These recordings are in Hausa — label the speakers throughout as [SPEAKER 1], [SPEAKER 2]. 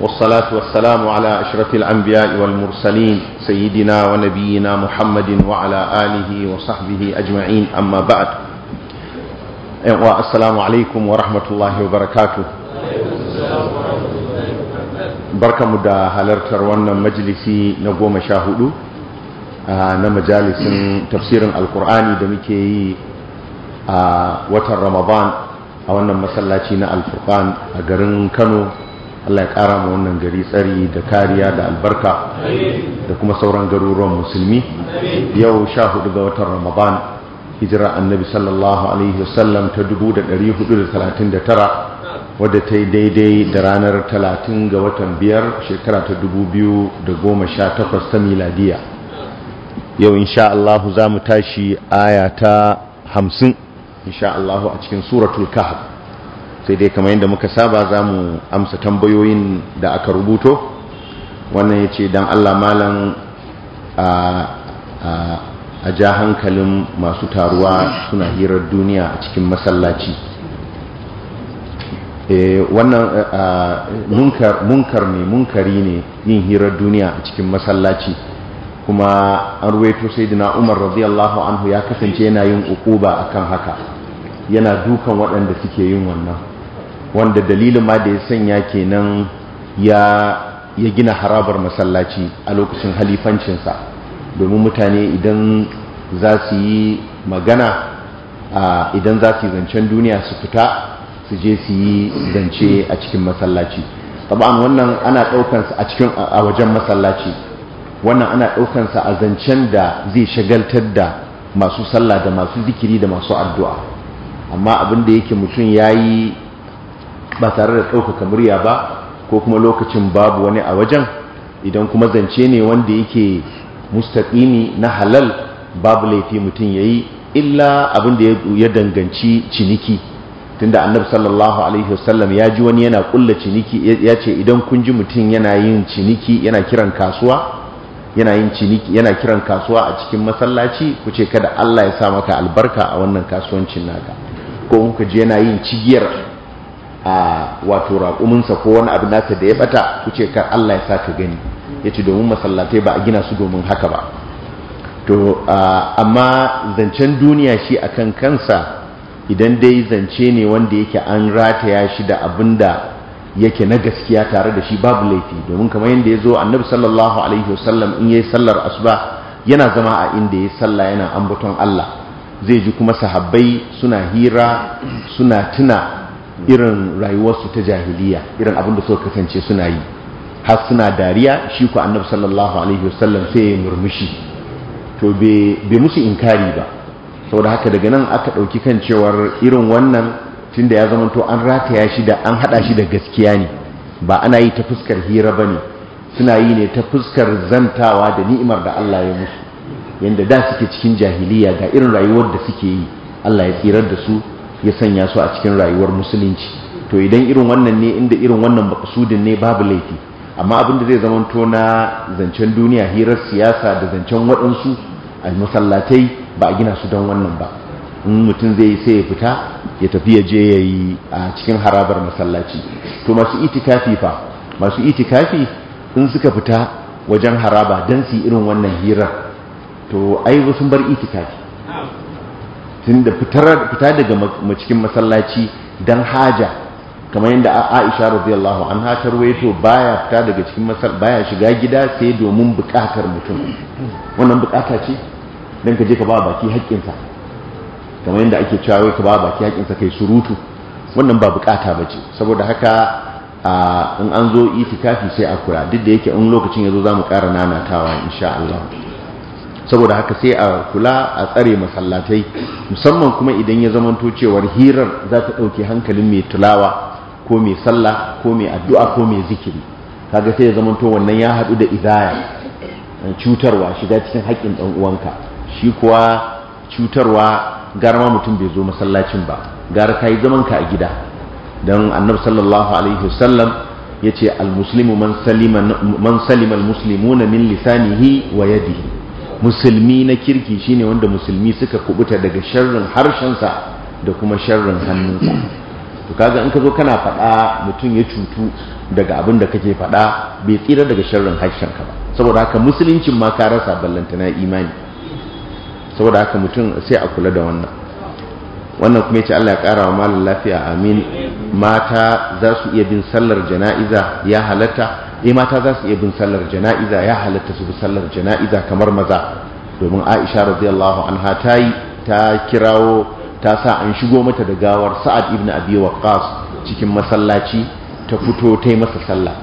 [SPEAKER 1] والصلاة والسلام على أشرف الأنبياء والمرسلين سيدنا ونبينا محمد وعلى آله وصحبه أجمعين أما بعد السلام عليكم ورحمة الله وبركاته بركة مدى هلرتر وانا مجلسي نقوم شاهدو na majalisin tafsirin alkur'ani da muke yi a watan ramadan a wannan masallaci na alfurkan a garin kano Allah ya ƙara ma wannan gari tsari da kariya da albarka da kuma sauran garuruwan musulmi yau sha hudu ga watan ramadan hijira annabi sallallahu alaihi wasallam ta 439 wadda ta yi daidai da ranar 30 ga watan biyar shekara ta 2018 ta miladiya yau insha Allah za mu tashi aya ta 50 insha Allah a cikin suratul kahf sai dai kamar yadda muka saba za mu amsa tambayoyin da aka rubuto wannan ya ce don allah malam a ja hankalin masu taruwa suna hirar duniya a cikin masallaci eh, wannan munkar ne munkari ne yin hirar duniya a cikin masallaci kuma an ruwaito sai dina umar radiyallahu anhu ya kasance yana yin ukuba akan haka yana dukan waɗanda suke yin wannan wanda dalilin ma da ya sanya kenan ya ya gina harabar masallaci a lokacin halifancinsa domin mutane idan za su yi magana idan za su yi zancen duniya su fita su je su yi zance a cikin masallaci taba'an wannan ana ɗaukansa a cikin a wajen masallaci wannan ana ɗaukansa a zancen da zai shagaltar da masu sallah da masu zikiri da masu addu'a amma abin da yake mutum ya yi ba tare da ɗaukaka murya ba ko kuma lokacin babu wani a wajen idan kuma zance ne wanda yake mustaƙini na halal babu laifi mutum ya yi illa abin da ya danganci ciniki tunda annabi sallallahu alaihi wasallam ya ji wani yana kulla ciniki ya ce idan kun ji mutum yana yin ciniki yana kiran kasuwa yana yin ciniki yana kiran kasuwa a cikin masallaci ku ce kada Allah ya sa maka albarka a wannan kasuwancin naka ko kuka ji yana yin cigiyar a wato raƙuminsa ko wani abu nasa da ya bata kuce kar Allah ya sa ka gani ya ce domin masallatai ba a gina su domin haka ba to amma zancen duniya shi a kan kansa idan dai zance ne wanda yake an rataya shi da abin da yake na gaskiya tare da shi babu laifi domin kamar yadda ya zo annabi sallallahu alaihi wasallam in yayi sallar asuba yana zama a inda ya yayi sallah yana ambaton Allah zai ji kuma sahabbai suna hira suna tuna irin rayuwarsu ta jahiliya irin abin da suka kasance suna yi har suna dariya shi ku annabi sallallahu alaihi wasallam sai ya murmushi to bai musu inkari ba saboda haka daga nan aka ɗauki kan cewar irin wannan tunda ya zama to an rataya shi da an haɗa shi da gaskiya ne ba ana yi ta fuskar hira ba ne suna yi ne ta fuskar zantawa da ni'imar da Allah ya musu yanda da suke cikin jahiliya ga irin rayuwar da suke yi Allah ya tsirar da su ya sanya su a cikin rayuwar musulunci to idan irin wannan ne inda irin wannan makasudin ne babu laifi amma abinda zai zama to na zancen duniya hirar siyasa da zancen waɗansu a masallatai ba a gina su don wannan ba in mutum zai sai ya fita ya tafi ya je ya yi a cikin harabar masallaci to masu itikafi fa masu itikafi in suka fita wajen haraba don su irin wannan hirar to ai sun bar itikafi tunda fita daga cikin masallaci dan haja kamar yadda Aisha radiyallahu anha hatar waito baya fita daga cikin masallaci baya shiga gida sai domin bukatar mutum wannan bukata ce dan ka je ka ba baki haƙƙinsa kamar yadda ake cewa ka ba baki haƙƙinsa kai surutu wannan ba bukata bace saboda haka in an zo itikafi sai akura duk da yake in lokacin ya zo za ƙara nanatawa insha Allah saboda haka sai a kula a tsare masallatai musamman kuma idan ya zamanto cewar hirar za ta ɗauke hankalin mai tulawa ko mai sallah ko mai addu'a ko mai zikiri kaga sai ya zamanto wannan ya haɗu da idaya eh, cutarwa shiga cikin haƙƙin ɗan uwanka shi kuwa cutarwa gara ma mutum bai zo masallacin ba gara ka yi zamanka a gida don annabi sallallahu alaihi wasallam ya ce al-muslimu man salima al-muslimuna min lisanihi wa yadihi musulmi na kirki shine wanda musulmi suka kubuta daga sharrin harshensa da kuma sharrin hannunsa to kaga in ka zo kana faɗa mutum ya cutu daga abin da kake faɗa bai tsira daga sharrin harshen ka ba saboda haka musuluncin ma ka rasa ballantana imani saboda haka mutum sai a kula da wannan wannan kuma yace Allah ya kara wa malam lafiya amin mata za su iya bin sallar jana'iza ya halatta eh mata za su iya bin sallar jana'iza ya halatta su bi sallar jana'iza kamar maza domin aisha radiyallahu anha ta yi ta kirawo ta sa an shigo mata da gawar sa'ad ibn abi waqqas cikin masallaci ta fito ta yi masa sallah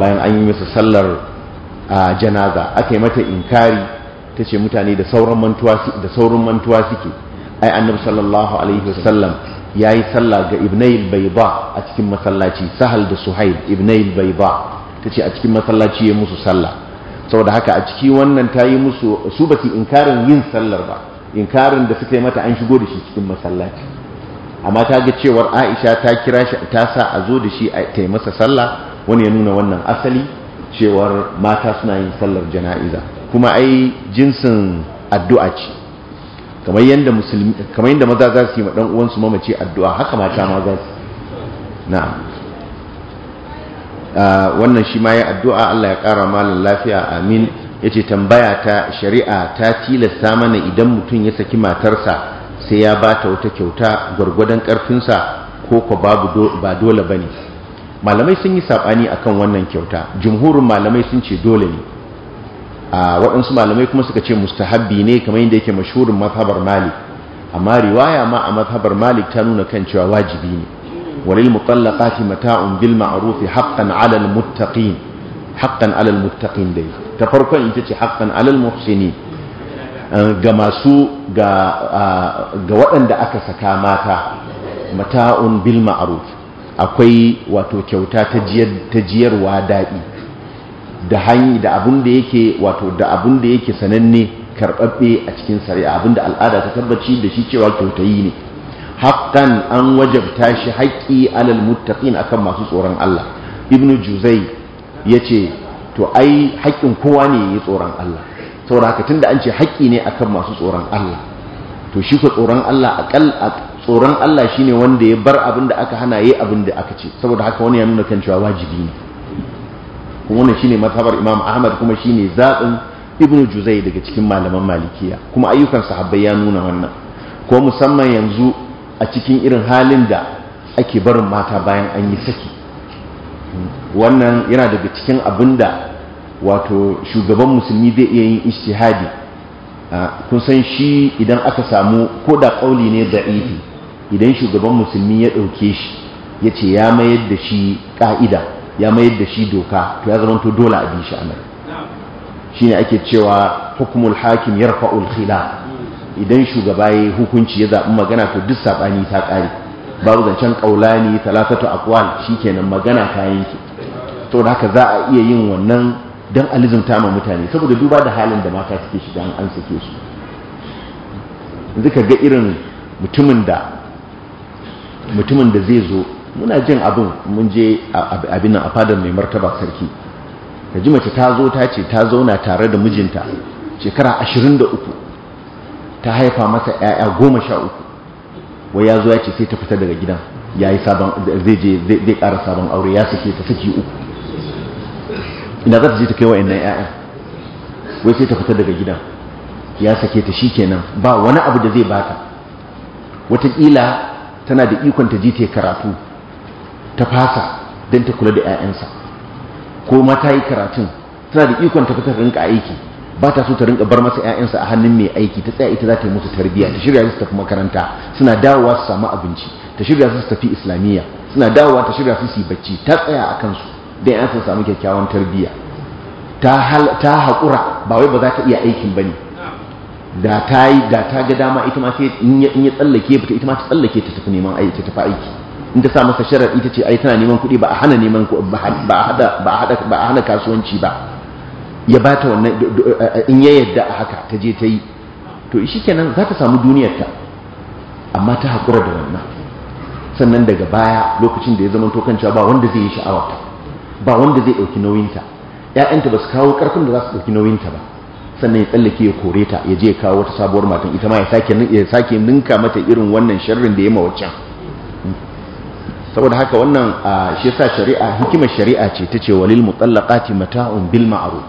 [SPEAKER 1] bayan an yi masa sallar janaza aka yi mata inkari ta ce mutane da sauran mantuwa saurin mantuwa suke ai annabi sallallahu alaihi wasallam yayi sallah ga ibnayil bayda a cikin masallaci sahal da suhaib ibnayil bayda ta ce a cikin masallaci ya musu sallah saboda haka a ciki wannan ta yi musu su baki inkarin yin sallar ba inkarin da suka yi mata an shigo da shi cikin masallaci amma ta ga cewar aisha ta kira shi ta sa a zo da shi ta yi masa sallah wani ya nuna wannan asali cewar mata suna yin sallar jana'iza kuma ai jinsin addu'a ce kamar yadda musulmi kamar yadda maza za su yi ma dan uwansu mamaci addu'a haka mata ma za su na'am Ah, wannan shi ma yi addu'a Allah ya ƙara malam lafiya amin ya ce tambaya ta shari'a ta tilasta mana idan mutum ya saki matarsa sai ya ba ta wata kyauta gwargwadon ƙarfinsa ko ko babu ba dole ba ne malamai sun yi saɓani a kan wannan kyauta jumhurin malamai sun ce dole ne a ah, waɗansu malamai kuma suka ce mustahabbi ne kamar yadda yake mashurin mazhabar malik amma riwaya ma a mazhabar malik ta nuna kan cewa wajibi ne walil mutallaqati mata'un bil ma'ruf haqqan 'ala al muttaqin haqqan 'ala al ta farkon ita ce haqqan 'ala eh, al ah, ga waɗanda aka saka mata mata'un bil ma'ruf akwai wato kyauta ta jiyarwa daɗi da hanyi da abun da yake sananne karɓaɓɓe a cikin sari'a abinda al'ada ta tabbaci da shi cewa kyautayi ne haƙƙan an wajabta shi haƙƙi alal muttaqin akan masu tsoron Allah ibnu juzai yace to ai haƙƙin kowa ne yi tsoron Allah saboda haka tunda an ce haƙƙi ne akan masu tsoron Allah to shi ko tsoron Allah akal tsoron Allah shine wanda ya bar abin da aka hana ya abin da aka ce saboda haka wani ya nuna kan cewa wajibi ne kuma wannan shine matabar Imam Ahmad kuma shine zaɓin ibnu Juzai daga cikin malaman Malikiya kuma ayyukan sahabbai ya nuna wannan ko musamman yanzu a cikin irin halin da ake barin mata bayan an yi saki wannan yana daga cikin abin da wato shugaban musulmi zai iya yin ishtihadi kun san shi idan aka samu ko da ƙauli ne da ifi idan shugaban musulmi ya ɗauke shi ya ce ya mayar da shi ƙa'ida ya mayar da shi doka to ya zama to dole a bi shi a ne ake cewa hukumul hakim yarfa'ul ulkhila idan shugaba ya hukunci ya zaɓi magana to duk saɓani ta ƙare babu zancen ƙaulani talatatu akwal shikenan magana ta yanke to da haka za a iya yin wannan don alizumta ma mutane saboda duba da halin da mata suke shiga an sake su yanzu ka ga irin mutumin da mutumin da zai zo muna jin abin mun je abin a fadar mai martaba sarki ka ji mace ta zo ta ce ta zauna tare da mijinta shekara ashirin da uku ta haifa masa ‘ya'ya goma sha uku wai ya zo ya ce sai ta fita daga gidan ya yi sabon zai je zai ƙara sabon aure ya sake ta saki uku ina za ta je ta kai wa'annan ‘ya'ya wai sai ta fita daga gidan ya sake ta shi kenan ba wani abu da zai baka wataƙila tana da ikon ta ji ta karatu ta fasa don ta kula da ‘ya'yansa ko ma ta yi karatun tana da ikon ta fita rinka aiki ba ta so ta rinka bar masa ƴaƴansa a hannun mai aiki ta tsaya ita za ta yi musu tarbiyya ta shirya su tafi makaranta suna dawowa su samu abinci ta shirya su tafi islamiyya suna dawowa ta shirya su su yi bacci ta tsaya a kansu don ƴaƴansa su samu kyakkyawan tarbiyya ta haƙura ba wai ba za ta iya aikin ba ne da ta yi da ta ga dama ita ma sai in ya tsallake ta ita ma ta tsallake ta tafi neman aiki ta tafi aiki in ta sa masa sharar ita ce ai tana neman kuɗi ba ba a hana kasuwanci ba ya ba ta wannan eh, eh, in ya yadda a haka ta je ta yi to shi kenan za ta samu duniyarta amma ta haƙura da wannan sannan daga baya lokacin da ya zama tokan cewa ba wanda zai yi sha'awarta ba wanda zai ɗauki nauyinta ‘ya'yanta ba su kawo ƙarfin da za su ɗauki nauyinta ba sannan ya tsallake ya kore ta ya je ya kawo wata sabuwar matan ita ma ya sake ninka mata irin wannan sharrin da ya ma waccan saboda haka wannan shi yasa shari'a hikimar shari'a ce ta ce walil mutallaqati mata'un bil ma'ruf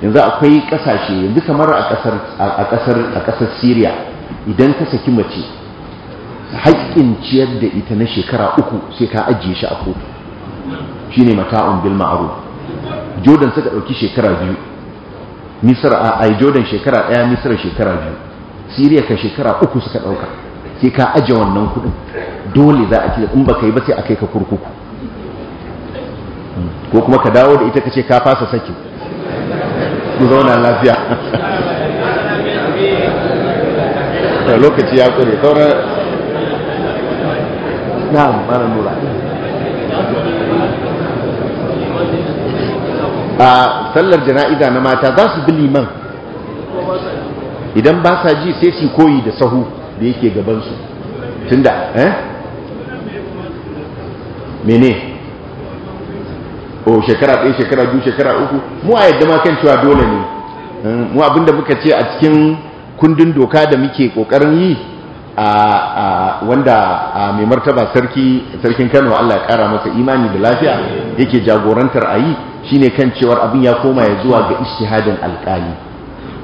[SPEAKER 1] yanzu akwai kasashe yanzu kamar a kasar a kasar a kasar Syria idan ka saki mace haƙƙin ciyar da ita na shekara uku sai ka ajiye shi a kotu shine mata'un bil ma'ruf Jordan suka dauki shekara biyu misr a ai Jordan shekara daya misr shekara biyu Syria ka shekara uku suka dauka sai ka aje wannan kudin dole za a ce in ka yi ba sai a kai ka kurkuku ko kuma ka dawo da ita ka ce ka fasa saki ku zauna lafiya lokaci ya kure saura na mara nura a sallar jana'iza na mata za su bi liman idan ba sa ji sai su koyi da sahu da yake gabansu tunda eh mene o oh, shekara ɗaya shekara biyu shekara uku mu a yadda ma kan cewa dole ne hmm, mu abinda muka ce a cikin kundin doka da muke ƙoƙarin yi a wanda a mai martaba sarki sarkin Kano Allah ya kara masa imani da lafiya yake jagorantar a yi shine kan cewar abin ya koma ya zuwa ga ishihadin alƙali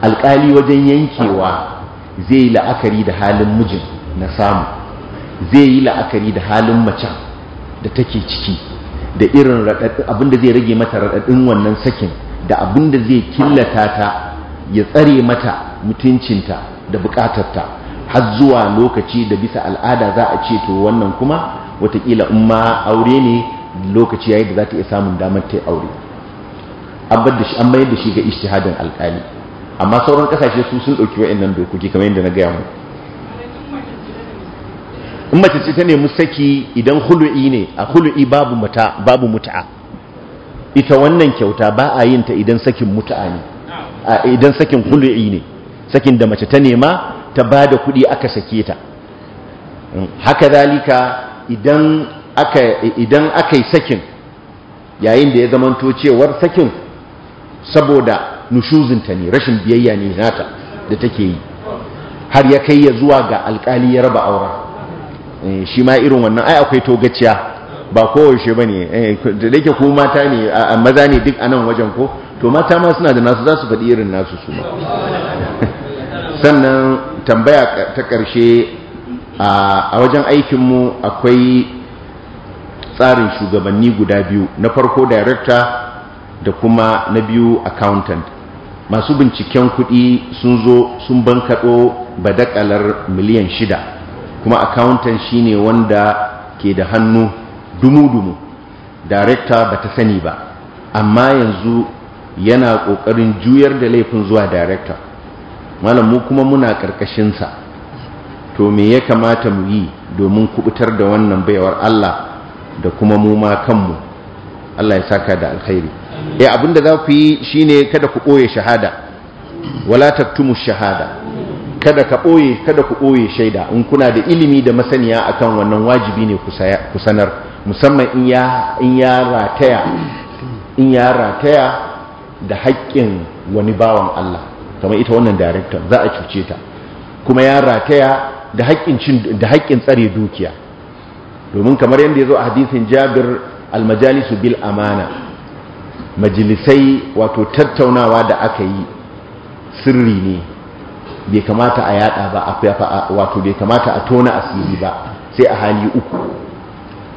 [SPEAKER 1] alƙali wajen yankewa zai yi la'akari da halin mijin na samu zai yi la'akari da halin macen da take ciki da irin abinda zai rage mata raɗaɗin wannan sakin da da zai killata ta ya tsare mata mutuncinta da bukatarta har zuwa lokaci da bisa al'ada za a ce to wannan kuma watakila in ma aure ne lokaci yayi da za ta iya samun damar ta aure an mayar da shi ga ishtihadin alƙali amma sauran kasashe su sun ɗauki wa'annan dokoki kamar yadda na gaya muku in mace ce ta nemi saki idan hulu'i ne a hulu'i babu mata ita wannan kyauta ba a yin ta idan sakin mut'a ne idan sakin hulu'i ne sakin da mace ta nema ta ba da kuɗi aka sake ta mm, haka zalika idan aka yi sakin yayin da ya zamanto cewar sakin saboda nushuzinta ne rashin biyayya ne nata da take yi har ya kai ya zuwa ga alkali ya raba auren Eh, shi ma irin wannan ai akwai togaciya ba kowace ba ne eh, da dake ko mata ne a maza ne duk anan wajen ko to mata ma suna da nasu za su faɗi irin nasu su ma sannan tambaya ta ƙarshe a wajen aikinmu akwai tsarin shugabanni guda biyu na farko director da kuma na biyu accountant masu binciken kuɗi sun zo sun bankaɗo badakalar miliyan shida kuma accountant shine wanda ke da hannu dumu-dumu director ba ta sani ba amma yanzu yana kokarin juyar da laifin zuwa director malam mu kuma muna karkashinsa to me ya kamata mu yi domin kubutar da wannan bayawar Allah da kuma mu ma kanmu Allah ya saka da alkhairi eh abinda za ku yi shine kada ku koye shahada wala taktumu shahada kada ka ɓoye kada ku ɓoye shaida in kuna da ilimi da masaniya akan wannan wajibi ne ku sanar musamman in ya rataya in ya rataya da haƙƙin wani bawan Allah kamar ita wannan director za a cuce ta kuma ya rataya da haƙƙin da haƙƙin tsare dukiya domin kamar yadda ya zo a hadisin Jabir al-majalisu bil amana majalisai wato tattaunawa da aka yi sirri ne bai kamata a yada ba wato bai kamata a tona asiri ba sai a hali uku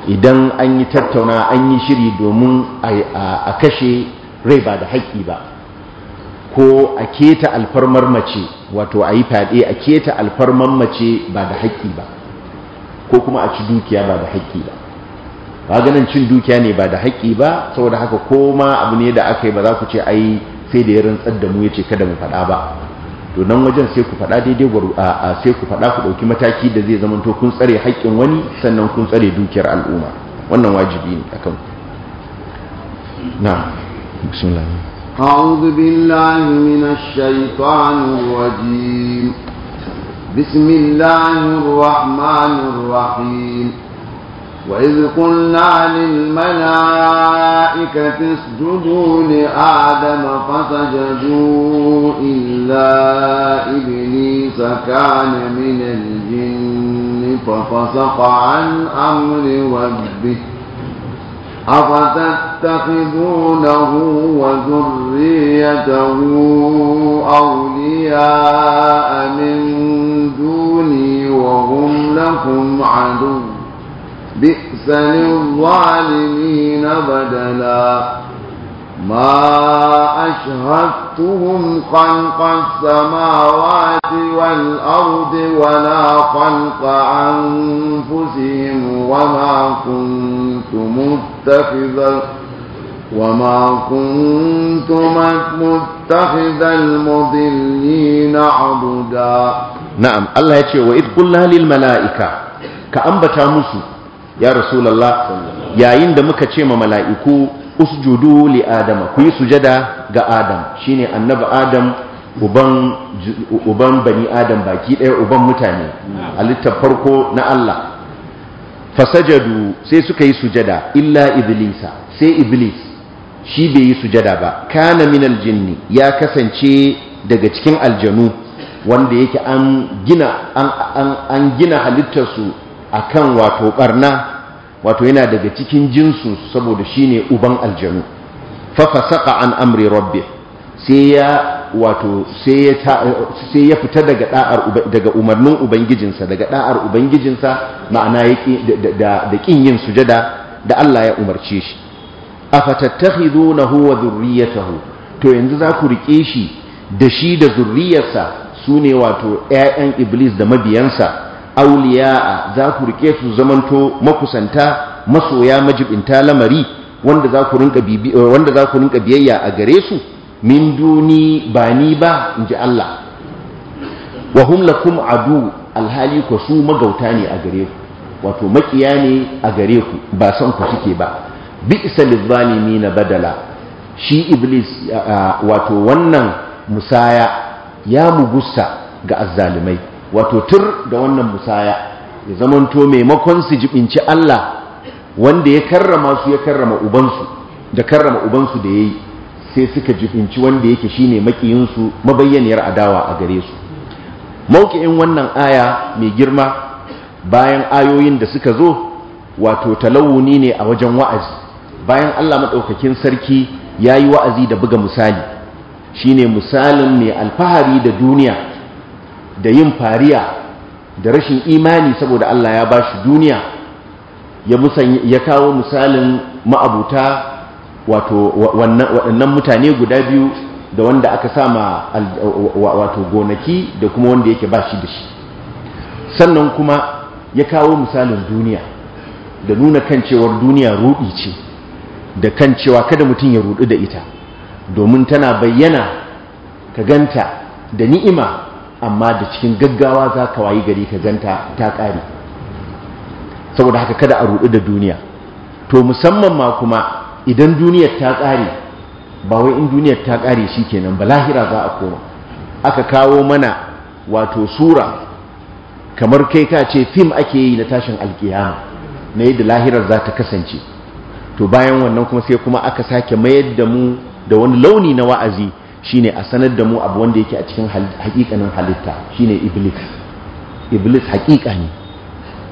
[SPEAKER 1] idan an yi tattauna an yi shiri domin a kashe rai ba da haƙƙi ba ko a keta alfarmar mace wato a yi fyaɗe a keta alfarmar mace ba da haƙƙi ba ko kuma a ci dukiya ba da haƙƙi ba ba ganin cin dukiya ne ba da haƙƙi ba saboda haka ko ma abu ne da aka yi ba za ku ce ai sai da ya rantsar da mu ya ce kada mu faɗa ba to nan wajen sai ku faɗa daidai a sai ku faɗa ku ɗauki mataki da zai zama to kun tsare haƙƙin wani sannan kun tsare dukiyar al'umma wannan wajibi ne akan na bismillah
[SPEAKER 2] أعوذ بالله من الشيطان الرجيم بسم الله الرحمن وإذ قلنا للملائكة اسجدوا لآدم فسجدوا إلا إبليس كان من الجن ففسق عن أمر ربه أفتتخذونه وذريته أولياء من دوني وهم لكم عدو بئس للظالمين بدلا ما أشهدتهم خلق السماوات والأرض ولا خلق أنفسهم وما كنت متخذا وما كنت متخذ المضلين عبدا
[SPEAKER 1] نعم الله يتشوى إذ قلنا للملائكة كأنبتا مسلم ya rasulallah yayin da muka ce ma mala'iku usjudu li adama ku yi sujada ga adam shine annabi adam uban uban bani adam baki ɗaya uban mutane halittar farko na Allah fasajadu sai suka yi sujada illa iblisa sai iblis shi bai yi sujada ba kana minal jinni ya kasance daga cikin aljanu wanda yake an gina an gina halittarsu akan wato barna wato yana daga cikin jinsu saboda shi ne uban aljanu fafa saka an amri rabbi sai ya fita daga umarnin ubangijinsa daga da'ar ubangijinsa ma'ana da ƙin yin sujada da Allah ya umarce shi A fatattafi afatattakhidunahu wa dhurriyyatahu to yanzu za ku riƙe shi da shi da zurriyarsa sune wato 'ya'yan iblis da mabiyansa auliya'a za ku rike su zamanto makusanta masoya majibinta lamari eh, wanda za ku rinka biyayya a gare su min duni ba ni ba in ji Allah wa hum lakum adu alhali ku su magauta ne a gare ku wato makiya ne a gare ku ba son ku suke ba Bi bi'sa na badala shi iblis wato wannan musaya ya mugusta ga azzalimai wato tur da wannan musaya ya zamanto maimakon su jibinci Allah wanda ya karrama su ya karrama ubansu da karrama ubansu da yayi sai suka jibinci wanda yake shine makiyin su mabayyaniyar adawa a gare su mauki'in wannan aya mai girma bayan ayoyin da suka zo wato talawuni ne a wajen wa'azi bayan Allah madaukakin sarki yayi wa'azi da buga misali shine misalin mai alfahari da duniya da yin fariya da rashin imani saboda Allah ya ba shi duniya ya kawo misalin ma'abuta wato waɗannan mutane guda biyu da wanda aka sama wato gonaki da kuma wanda yake bashi da shi sannan kuma ya kawo misalin duniya da nuna kan cewar duniya rudi ce da kan cewa kada mutum ya rudu da ita domin tana bayyana ka ganta da ni'ima amma da cikin gaggawa za ka wayi gari ka ganta ta ƙare saboda haka kada a ruɗu da duniya to musamman ma kuma idan duniyar ta ƙare ba wai in duniyar ta ƙare shi kenan ba lahira za a koma aka kawo mana wato sura kamar kai ka ce fim ake yi na tashin alkiyama na yadda lahirar za ta kasance to bayan wannan kuma sai kuma aka sake mayar da mu da wani launi na wa'azi shine a sanar da mu abu wanda yake a cikin hakikanin halitta shine iblis iblis hakika ne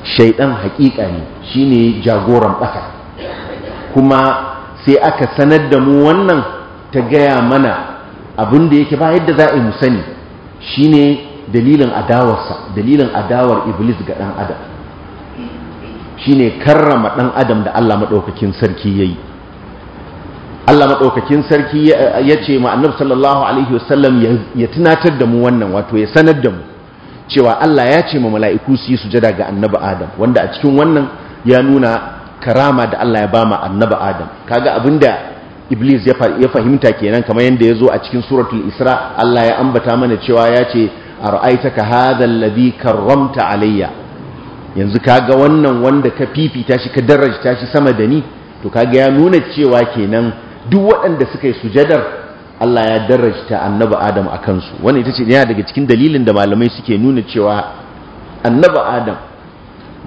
[SPEAKER 1] shaidan hakika ne shine jagoran baka kuma sai aka sanar da mu wannan ta gaya mana abin da yake ba yadda za a yi mu sani shine dalilin adawarsa dalilin adawar iblis ga dan adam shine karrama ɗan adam da Allah madaukakin sarki yayi Allah maɗaukakin sarki ya ce ma annabi sallallahu alaihi wasallam ya tunatar da mu wannan wato ya sanar da mu cewa Allah ya ce ma mala'iku su yi sujada ga annabi Adam wanda a cikin wannan ya nuna karama da Allah ya bama annabi Adam kaga da Iblis ya fahimta kenan kamar yadda ya zo a cikin suratul Isra Allah ya ambata mana cewa ya ce ara'aitaka hadha alladhi karramta alayya yanzu kaga wannan wanda ka fifita shi ka darajta shi sama da ni to kaga ya nuna cewa kenan duk waɗanda suka yi sujadar Allah ya ta annaba Adam a kansu Wani ita ce yana daga cikin dalilin da malamai suke nuna cewa annaba Adam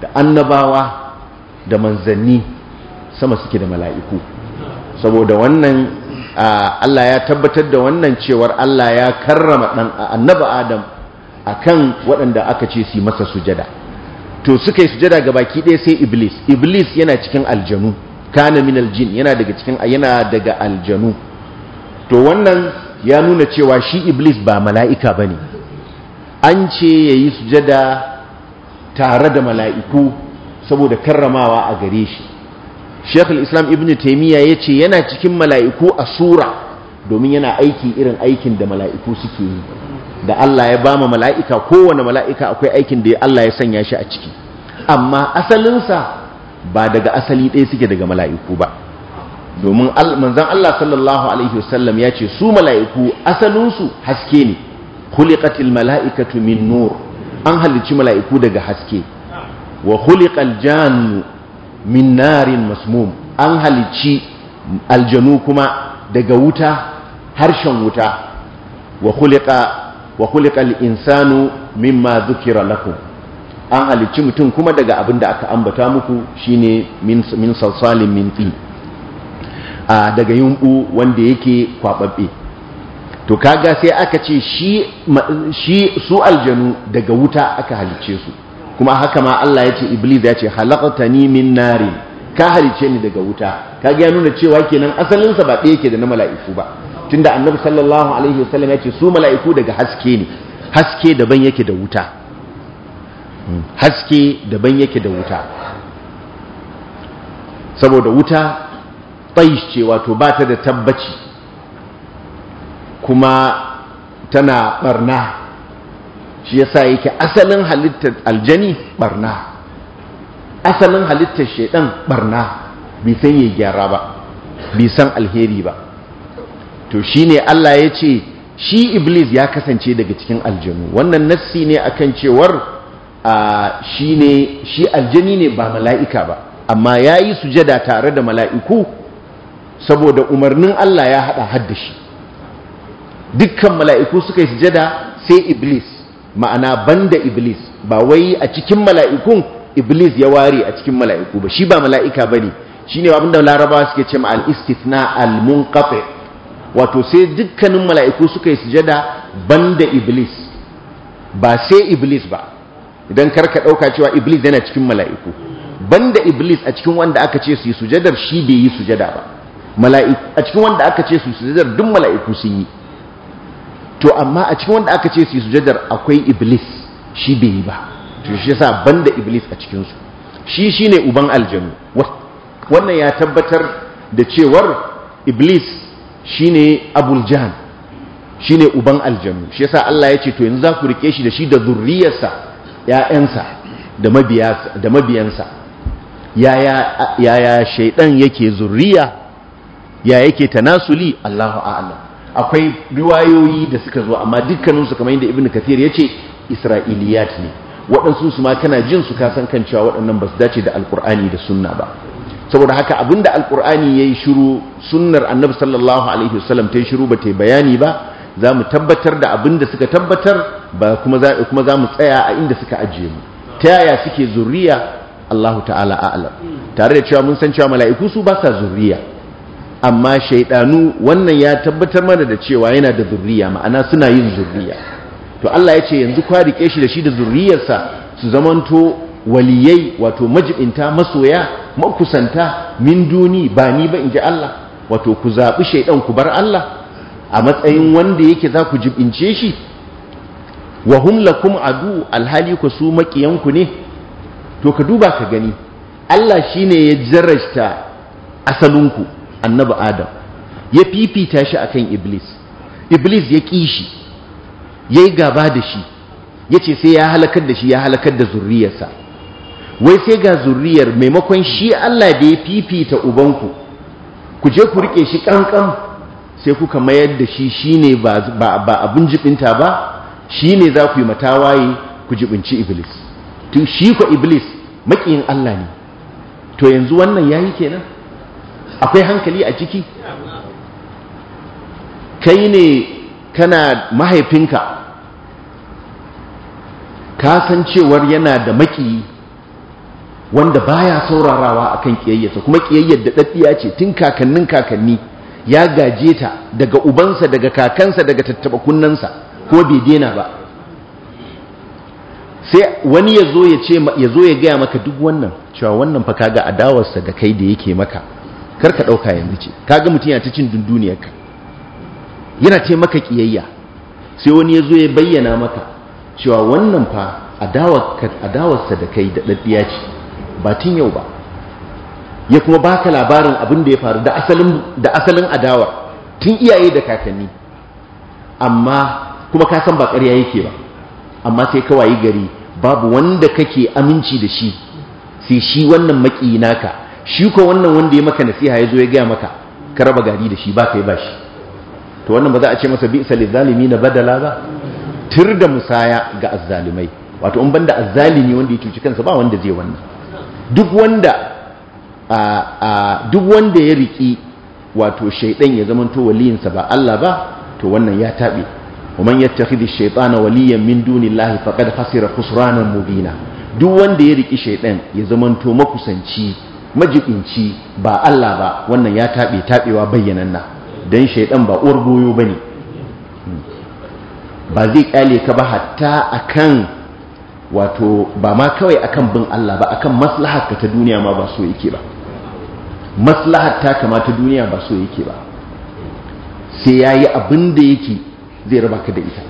[SPEAKER 1] da annabawa da manzanni sama suke da mala'iku saboda wannan Allah ya tabbatar da wannan cewar Allah ya karrama ɗan annaba Adam kan waɗanda aka ce su masa sujada to suka yi sujada ga baki ɗaya sai Iblis Iblis yana cikin aljanu kana minal jin yana daga cikin yana daga aljanu to wannan ya nuna cewa shi iblis ba mala'ika bane an ce yayi sujada tare da mala'iku saboda karramawa a gare shi Sheikh islam Ibn Taymiyyah yace yana cikin mala'iku a sura domin yana aiki irin aikin da mala'iku suke yi da Allah ya bama mala'ika kowane mala'ika akwai aikin da Allah ya sanya shi a ciki amma asalinsa ba daga asali ɗaya suke daga mala'iku ba domin manzan Allah sallallahu alaihi wasallam ya ce su mala'iku asalinsu haske ne hulikatil mala'ikatu min nur an halicci mala'iku daga haske wa hulikal janu min narin masmum an halici aljanu kuma daga wuta harshen wuta wa hulikal insanu min insanu zukira lakum an halicci mutum kuma daga abin da aka ambata muku shine min salsalin min tsi a daga yumbu wanda yake kwababbe to kaga sai aka ce shi su aljanu daga wuta aka halicce su kuma haka ma Allah ya ce iblis ya ce halaqtani min nari ka halicce ni daga wuta kaga ya nuna cewa kenan asalinsa ba ɗaya yake da na mala'iku ba tunda annabi sallallahu alaihi wasallam ya ce su mala'iku daga haske ne haske daban yake da wuta haske daban yake da wuta saboda wuta tsayish ce wato ba ta da tabbaci kuma tana barna shi ya sa yake asalin halittar aljani barna asalin halittar shaidan barna bai san yi gyara ba bai san alheri ba to shine Allah ya ce shi iblis ya kasance daga cikin aljanu wannan nassi ne akan cewar shi ne shi aljani ne ba mala'ika ba amma ya yi sujada tare da mala'iku saboda umarnin Allah ya haɗa hadda shi dukkan mala'iku suka yi sujada sai iblis ma'ana banda iblis ba wai a cikin mala'ikun iblis ya ware a cikin mala'iku ba shi ba mala'ika ba ne shi ne abinda larabawa suke ce al almun kafe wato sai dukkanin mala'iku suka yi sujada banda iblis ba sai iblis ba idan karka ɗauka cewa iblis yana cikin mala'iku banda iblis a cikin wanda aka ce su yi sujadar shi bai yi sujada ba a cikin wanda aka ce su yi sujadar duk mala'iku sun yi to amma a cikin wanda aka ce su yi sujadar akwai iblis shi bai yi ba to shi ban banda iblis a cikinsu shi shi shine uban aljanu wannan ya tabbatar da cewar iblis shine abuljan shi shine uban aljanu shi yasa Allah ya ce to yanzu za ku rike shi da shi da zurriyarsa ‘ya'yansa da mabiyansa yaya shaidan yake zurriya ya yake tanasuli Allahu a'ala akwai riwayoyi da suka zo amma dukkaninsu kamar yadda ibn kathir ya ce isra'iliyat ne waɗansu su ma kana jin su kasan kan cewa waɗannan ba su dace da alkur'ani da sunna ba saboda haka abinda Alƙur'ani ya yi shiru sunnar annabi sallallahu alaihi wasallam ta yi shiru ba ta yi bayani ba za mu tabbatar da abin da suka tabbatar ba kuma za mu tsaya a inda suka ajiye mu ta yaya suke zuriya Allah ta'ala a'ala. tare da cewa mun san cewa mala'iku su ba sa zuriya amma shaidanu wannan ya tabbatar mana da cewa yana da zuriya ma'ana suna yin zurriya. to Allah ya ce yanzu kwa rike shi da shi da zuriyarsa su zamanto waliyai wato majibinta masoya makusanta min duni ba ni ba in ji Allah wato ku zaɓi shaidan ku bar Allah a matsayin wanda yake za ku jibince shi wa hum lakum adu alhali ku su makiyanku ne to ka duba ka gani Allah shi ne ya jarrasta asalinku annabi Adam ya fifita shi akan Iblis Iblis ya ƙi shi ya yi gaba da shi ya ce sai ya halakar da shi ya halakar da zurriyarsa wai sai ga zurriyar maimakon shi Allah da ya fifita ubanku ku je ku riƙe shi ƙanƙan sai kuka mayar da shi shi ne ba abin jibinta ba shi ne za ku yi matawaye ku jibinci iblis tun shi iblis makiyin Allah ne to yanzu wannan ya yi kenan akwai hankali a ciki kai ne kana mahaifinka kasancewar yana da makiyi wanda baya saurarawa akan kiyayyarsa kuma kiyayyar da ɗaɗɗiya ce tun kakannin kakanni ya gaje ta daga ubansa daga kakansa daga tattaba kunnansa ko bai dena ba sai wani ya ya ce ya zo ya gaya maka duk wannan cewa wannan fa kaga adawarsa da kai da yake maka kar ka dauka yanzu ce kaga mutum yana ta cin dunduniyarka yana ce maka kiyayya sai wani ya zo ya bayyana maka cewa wannan fa adawarsa da kai da daddiya ce ba tun yau ba ya kuma baka labarin abin da ya faru da asalin adawa tun iyaye da kakanni amma kuma ka san ba ƙarya yake ba amma sai ka wayi gari babu wanda kake aminci da shi sai shi wannan maki naka shi ko wannan wanda ya maka nasiha ya zo ya gaya maka ka raba gari da shi ba kai ba shi to wannan ba za a ce masa bi'sa na badala ba tur da musaya ga azzalimai wato in banda azzalimi wanda ya cuci kansa ba wanda zai wannan duk wanda duk wanda ya riki wato shaiɗan ya zamanto waliyinsa ba Allah ba to wannan ya tabe ومن يتخذ الشيطان وليا من دون da fassirar خسر خسرانا mubina duk wanda ya riki shaiɗan ya zamanto makusanci majibinci ba Allah ba wannan ya tabe tabewa bayyananna dan shaiɗan ba uwar goyo ne, hmm. ba zai ƙyale ka ba hatta akan wato ba ma kawai akan bin Allah ba akan maslahar ka ta duniya ma ba so yake ba maslahar ta kamata duniya ba so yake ba sai ya yi abin da yake zai raba ka da ita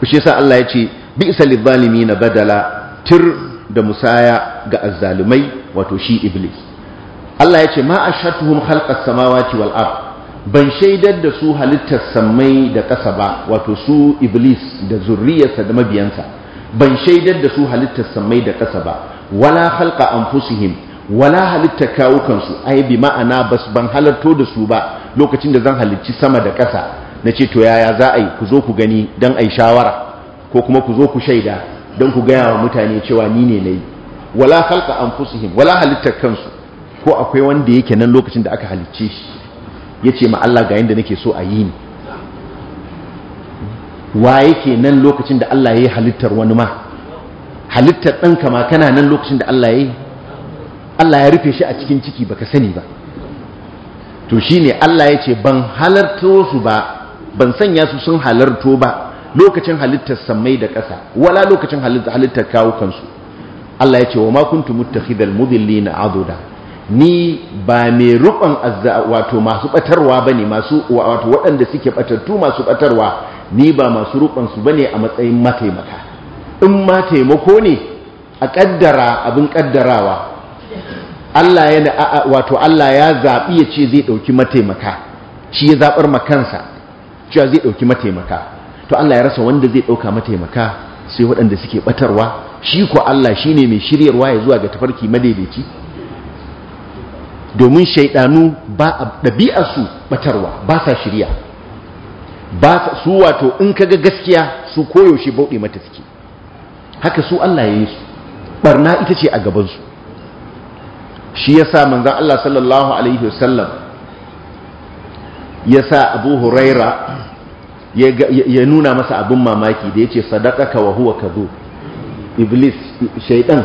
[SPEAKER 1] kushe sa Allah ya ce bi isa na badala tir da musaya ga azzalumai wato shi iblis Allah ya ce ma ashatuhum khalqas samawati wal ard ban shaidar da su halittar sammai da ƙasa ba wato su iblis da zurriyarsa da mabiyansa ban shaidar da su halittar sammai da ƙasa ba wala halka anfusihim wala halitta kansu ai bi ma'ana bas ban halarto da su ba lokacin da zan halicci sama da ƙasa na ce to yaya za a yi ku zo ku gani don a yi shawara ko kuma ku zo ku shaida don ku gaya wa mutane cewa ni ne na yi wala halka an fusuhin wala halitta kansu ko akwai wanda yake nan lokacin da aka halicce shi ya ce ma Allah ga yadda nake so a yi ni wa yake nan lokacin da Allah ya yi halittar wani ma halittar ɗanka ma kana nan lokacin da Allah ya yi Allah ya rufe shi a cikin ciki baka sani ba to shine Allah ya ce ban halarto su ba ban sanya su sun halarto ba lokacin halittar samai da ƙasa wala lokacin halittar kawo kansu Allah ya ce wa ma kuntu muttakhidal mudillina aduda ni ba mai rukun wato masu batarwa bane masu wato waɗanda suke batattu masu batarwa ni ba masu rukun su bane a matsayin mataimaka in ma ne a ƙaddara abin ƙaddarawa. Allah yana wato Allah ya zaɓi ya ce zai ɗauki mataimaka shi ya zaɓar makansa cewa zai ɗauki mataimaka to Allah ya rasa wanda zai ɗauka mataimaka sai waɗanda suke batarwa shi ko Allah shi mai shiryarwa ya zuwa ga tafarki madaidaici domin shaidanu ba a su ɓatarwa ba sa shirya ba su wato in kaga gaskiya su koyaushe bauɗe mata suke haka su Allah ya yi su barna ita ce a gabansu shi ya sa manzan, Allah sallallahu alaihi wasallam sa Abu Huraira ya nuna masa abin mamaki da ya sadaka ka wa huwa zo. iblis shaidan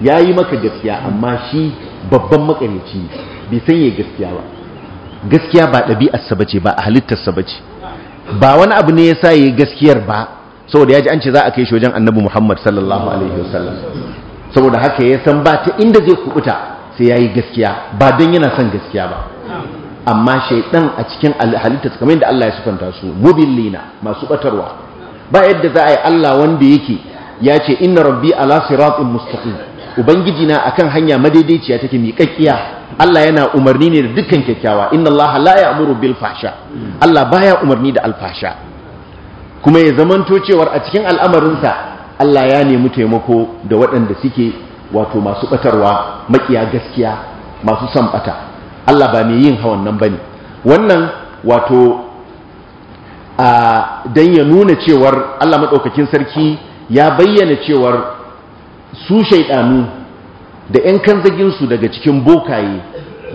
[SPEAKER 1] ya yi maka gaskiya amma shi babban makarici bai san yi gaskiya ba gaskiya ba ɗabi'arsa bace ba a halittarsa ba wani abu ne ya ya yi gaskiyar ba saboda ya ji an ce za a kai shi wajen annabi Muhammad sallallahu alaihi wasallam saboda haka ya san ba ta inda zai kubuta sai ya yi gaskiya ba dan yana son gaskiya ba amma shaidan a cikin halittar kamar da Allah ya sufanta su mubillina masu batarwa ba yadda za a yi Allah wanda yake ya ce inna rabbi ala siratin mustaqim ubangiji na a kan hanya madaidaiciya take miƙaƙiya Allah yana umarni ne da dukkan kyakkyawa inna Allah la ya'muru bil fahsha Allah baya umarni da alfasha kuma ya zamanto cewar a cikin al'amarinsa Allah ya nemi taimako da waɗanda suke wato masu batarwa makiya gaskiya masu son bata Allah ba mai yin hawan nan bane wannan wato a dan ya nuna cewar Allah madaukakin sarki ya bayyana cewar su shaidanu da 'yan kanzagin su daga cikin bokaye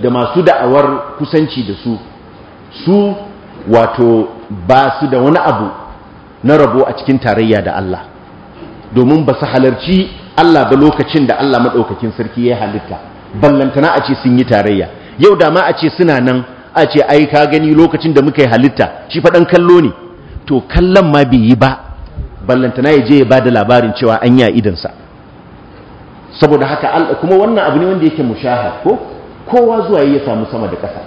[SPEAKER 1] da masu da'awar kusanci da su su wato ba su da wani abu na rabo a cikin tarayya da Allah domin ba su halarci Allah ba lokacin da Allah maɗaukakin sarki ya halitta ballantana a ce sun yi tarayya yau da ma a ce suna nan a ce ai ka gani lokacin da muka yi halitta shi faɗan kallo ne to kallon ma bai yi ba ballantana ya je ya ba da labarin cewa an yi a idansa saboda haka kuma wannan abu ne wanda yake mushahar ko kowa zuwa ya samu sama da ƙasa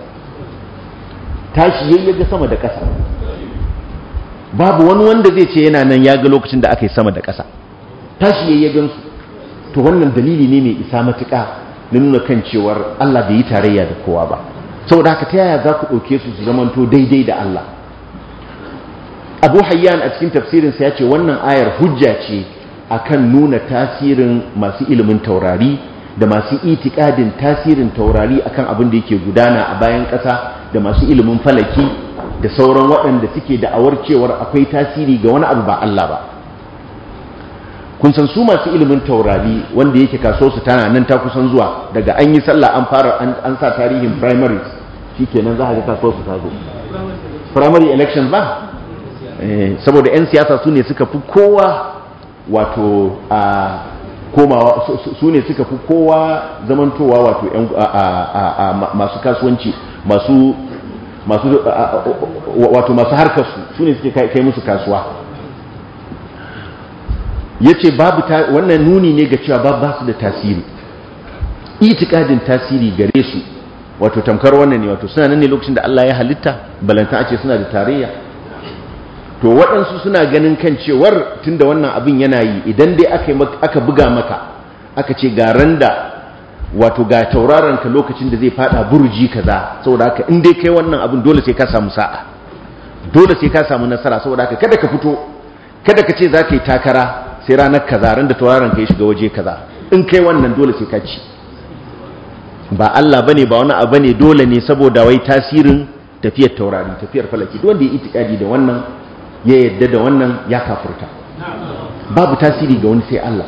[SPEAKER 1] tashi yayi sama da ƙasa babu wani wanda zai ce yana nan ya ga lokacin da aka yi sama da ƙasa tashi yayi to wannan dalili ne mai isa matuka, na nuna kan cewar Allah da yi tarayya da kowa ba saboda haka ta yaya za ku ɗauke su su zamanto daidai da Allah abu hayyan a cikin tafsirinsa ya ce wannan ayar hujja ce akan nuna tasirin masu ilimin taurari da masu itikadin tasirin taurari akan abin da yake gudana a bayan ƙasa da masu ilimin falaki da sauran waɗanda suke da'awar cewar akwai tasiri ga wani abu ba Allah ba kun san su masu ilimin taurari wanda yake kaso su tana nan ta kusan zuwa daga an yi sallah an fara an sa tarihin primary shikenan za a ga kaso su ta zo primary election ba eh, saboda 'yan siyasa su ne suka fi kowa wato a komawa su ne suka fi kowa zamantowa wato masu kasuwanci masu wato masu harkarsu su ne suke kai musu kasuwa ya ce babu wannan nuni ne ga cewa babu basu da tasiri itikadin tasiri gare su wato tamkar wannan ne wato suna nan ne lokacin da Allah ya halitta balanta a ce suna da tarayya to waɗansu suna ganin kan cewar tun da wannan abin yana yi idan dai aka buga maka aka ce ga randa wato ga tauraron ka lokacin da zai fada burji kaza saboda haka in dai kai wannan abin dole sai ka samu sa'a dole sai ka samu nasara saboda haka kada ka fito kada ka ce za ka yi takara sai ranar kaza ran da tauraron ka ya shiga waje kaza in kai wannan dole sai ka ci ba Allah bane ba wani abu ne dole ne saboda wai tasirin tafiyar taurari tafiyar falaki duk wanda ya itikadi da wannan ya yadda da wannan ya kafurta babu tasiri ga wani sai Allah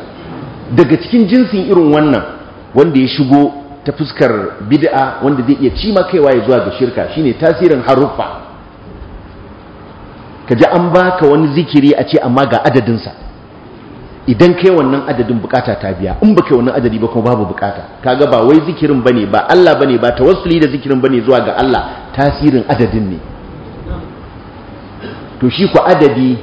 [SPEAKER 1] daga cikin jinsin irin wannan wanda ya shigo ta fuskar bid'a wanda zai iya cima kaiwa ya zuwa ga shirka shine tasirin haruffa kaji an baka wani zikiri a ce amma ga adadinsa idan kai wannan adadin bukata ta biya in baka wannan adadi ba kuma babu bukata kaga ba wai zikirin bane ba Allah bane ba tawassuli da zikirin bane zuwa ga Allah tasirin adadin ne to shi ku adadi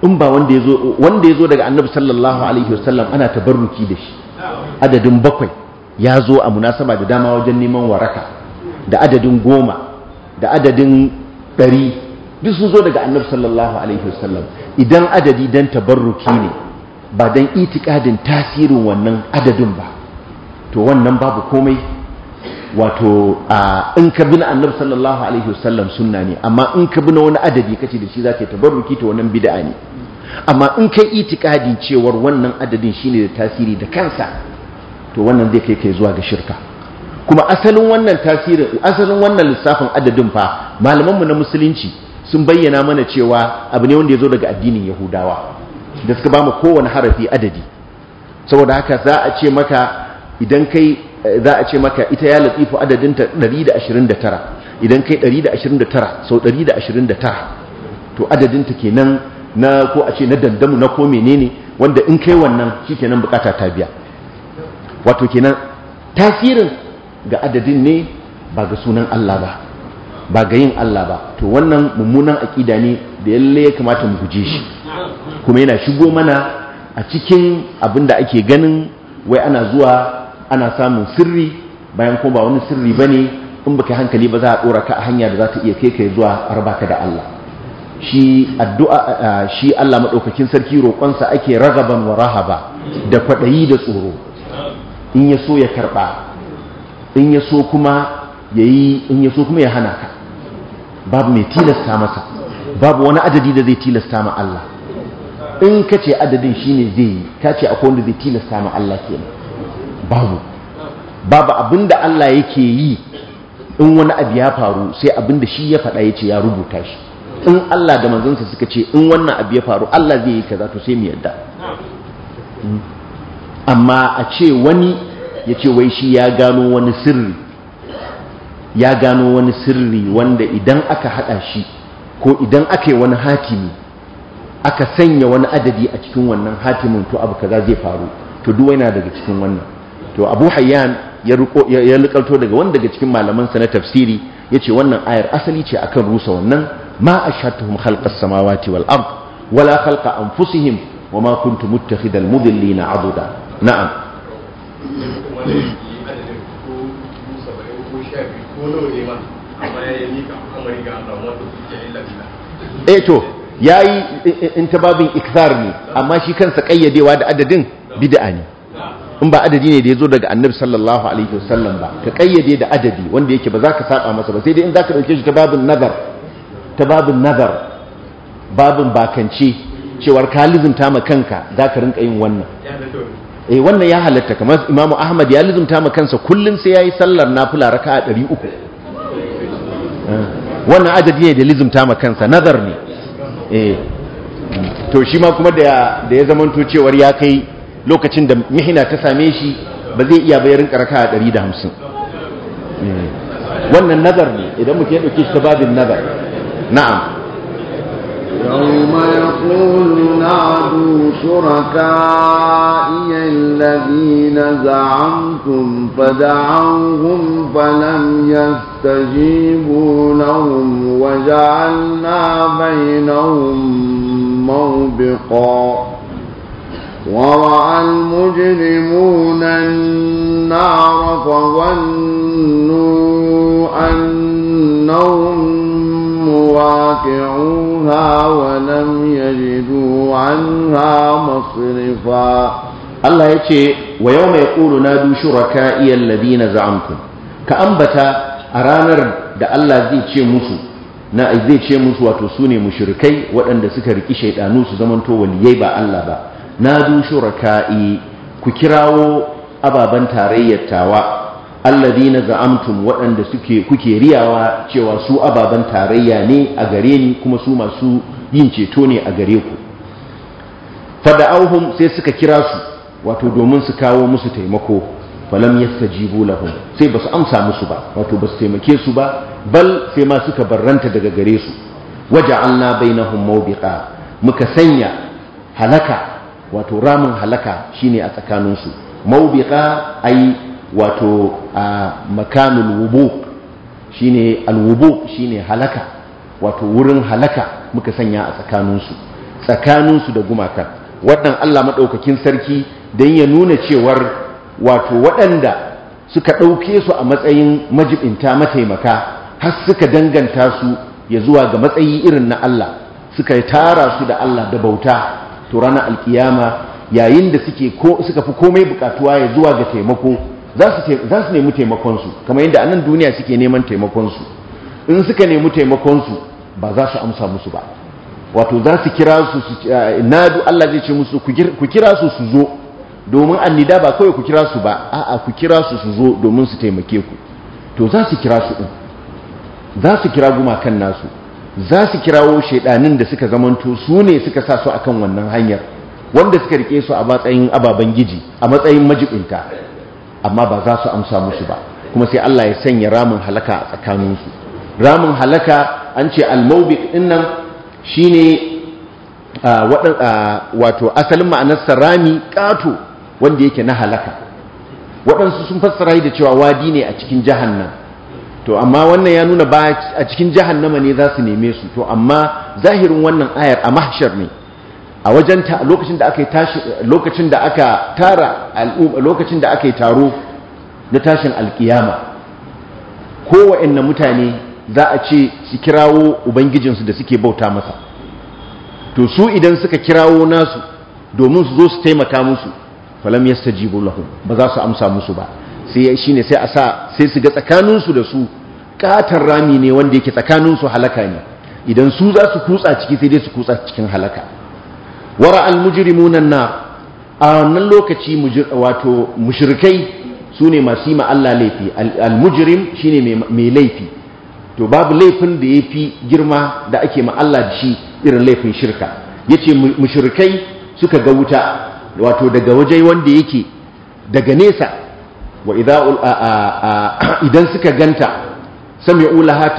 [SPEAKER 1] in ba wanda yazo wanda yazo daga Annabi sallallahu alaihi wasallam ana tabarruki da shi adadin bakwai ya zo a munasaba da dama wajen neman waraka da adadin goma da adadin ɗari duk sun zo daga Annabi sallallahu alaihi wasallam idan adadi dan tabarruki ne ba don itikadin tasirin wannan adadin ba to wannan babu komai wato in ka bi na annabi sallallahu alaihi wasallam sunna ne amma in ka bi na wani adadi kace da shi zaka tabarruki to wannan bid'a ne amma in kai itikadin cewar wannan adadin shine da tasiri da kansa to wannan zai kai kai zuwa ga shirka kuma asalin wannan tasirin asalin wannan lissafin adadin fa malaman mu na musulunci sun bayyana mana cewa abu ne wanda ya zo daga addinin yahudawa da suka ba mu kowane harafi adadi saboda haka za a ce maka idan kai za a ce maka ita ya latifu adadin ta 129 idan kai 129 sau 129 to adadin ta kenan na ko a ce na dandamu na ko menene wanda in kai wannan shikenan bukata ta biya wato kenan tasirin ga adadin ne ba ga sunan Allah ba ba ga yin Allah ba to wannan mummunan aƙida ne da yalle ya kamata mu guje shi kuma yana shigo mana a cikin abin da ake ganin wai ana zuwa ana samun sirri bayan kuma ba wani sirri ba ne in baka hankali ba za a ɗora ka a hanya da za ta iya kai kai zuwa a raba ka da Allah shi addu'a shi Allah maɗaukakin sarki roƙonsa ake ragaban wa ba da kwaɗayi da tsoro in ya so ya karɓa in ya so kuma ya yi in ya so kuma ya hana ka babu mai tilasta masa babu wani adadi da zai tilasta ma Allah in ka ce adadin ne zai yi ka ce akwai wanda zai tilasta ma Allah kenan babu babu abin da Allah yake yi in wani abu ya faru sai abinda shi ya faɗa ya ce ya rubuta shi in Allah da manzansa suka ce in wannan abu ya faru Allah zai yi kaza to sai mu yadda amma a ce wani ya ce wai shi ya gano wani sirri ya gano wani sirri wanda idan aka haɗa shi ko idan aka yi wani hakimi aka sanya wani adadi a cikin wannan hatimin to abu kaza zai faru to duk yana daga cikin wannan to Abu Hayyan ya riko ya likalto daga wanda daga cikin malaman sa na tafsiri yace wannan ayar asali ce akan rusa wannan ma ashatuhum khalqas samawati wal ard wala khalqa anfusihim wama kuntum muttakhidal mudillina aduda na'am eh to ya yi in ta babin ikthar ne amma shi kansa ƙayyadewa da adadin bida'a ne in ba adadi ne da ya zo daga annabi sallallahu alaihi wasallam ba ka ƙayyade da adadi wanda yake ba za ka saba masa ba sai dai in za ka ɗauke shi ta babin nazar ta babin nazar babin bakance cewar ka ta ma kanka za ka rinka yin wannan eh wannan ya halatta kamar imamu ahmad ya lizumta ma kansa kullum sai ya yi sallar nafila raka'a 300 eh, wannan adadi ne da lizumta ma kansa nazar ne Eh. to shi ma kuma da ya zama cewar ya kai lokacin da mihina ta same shi ba zai iya bayarin karaka a 150 eh. wannan nazar ne idan mutum ya ɗauke shi ta babin nazar na'am
[SPEAKER 2] يوم يقول نعدوا شركائي الذين زعمتم فدعوهم فلم يستجيبوا لهم وجعلنا بينهم موبقا ورأى المجرمون النار فظنوا أنهم واتبعوها ولم يجدوا عنها
[SPEAKER 1] مصرفا الله يتي ويوم يقول نادوا شركائي الذين زعمتم كأنبتا أرانر da Allah zai ce musu na zai ce musu wato sune ne mushrikai waɗanda suka riki shaidanu su zamanto waliyai ba Allah ba na du shuraka'i ku kirawo ababen tarayyar tawa alladhina za'amtum waɗanda suke kuke riyawa cewa su ababen tarayya ne a gare ni kuma su masu yin ceto ne a gare ku fada'auhum sai suka kira su wato domin su kawo musu taimako falam yastajibu lahum sai basu amsa musu ba wato basu taimake su ba bal sai ma suka barranta daga gare su waja'alna bainahum mawbiqa muka sanya halaka wato ramin halaka shine a tsakanin su mawbiqa ai wato a makanul wubu shine alwubu ne halaka wato wurin halaka muka sanya a tsakaninsu tsakaninsu da gumakan waɗannan Allah maɗaukakin sarki don ya nuna cewar wato waɗanda suka ɗauke su a matsayin majibinta mataimaka har suka danganta su ya zuwa ga matsayi irin na Allah suka tara su da Allah da bauta to ranar alkiyama yayin da suke suka fi komai bukatuwa ya zuwa ga taimako za su nemi taimakonsu kamar yadda anan duniya suke neman taimakonsu in suka nemi taimakonsu ba za su amsa musu ba wato za su kira su ah, nadu Allah zai ce musu ku kira su su zo domin annida ba kawai ku kira su ba a'a ku kira su su zo domin su taimake ku to za su kira su za su kira gumakan nasu za su kirawo shaidanin da suka zamanto su ne suka sa su akan wannan hanyar wanda suka rike su a matsayin ababen giji a matsayin majibinta amma ba za su amsa musu ba kuma sai Allah ya sanya ramin halaka a tsakaninsu ramin halaka an ce al almaubik dinnan shine wato asalin ma'anarsa rami ƙato wanda yake na halaka waɗansu sun fassara da cewa wadi ne a cikin jahannam to amma wannan ya nuna ba a cikin jahannama ne za su neme su to amma zahirin wannan ayar a mahshar ne a wajen lokacin da aka tashi lokacin da aka tara al'umma lokacin da aka yi taro na tashin alkiyama kowanne mutane za a ce su kirawo ubangijinsu da suke bauta masa to su idan suka kirawo nasu domin su zo su taimaka musu falam yastajibu lahum ba za su amsa musu ba sai shine sai a sa sai su ga tsakaninsu da su katar rami ne wanda yake tsakanin su halaka ne idan su za su kutsa ciki sai dai su kutsa cikin halaka wara al-mujrimuna a wannan lokaci wato mushrikai sune masu yi ma Allah laifi al-mujrim shine mai laifi to babu laifin da ya fi girma da ake ma Allah da shi irin laifin shirka yace mushrikai suka ga wuta wato daga waje wanda yake daga nesa wa idan suka ganta sami'u laha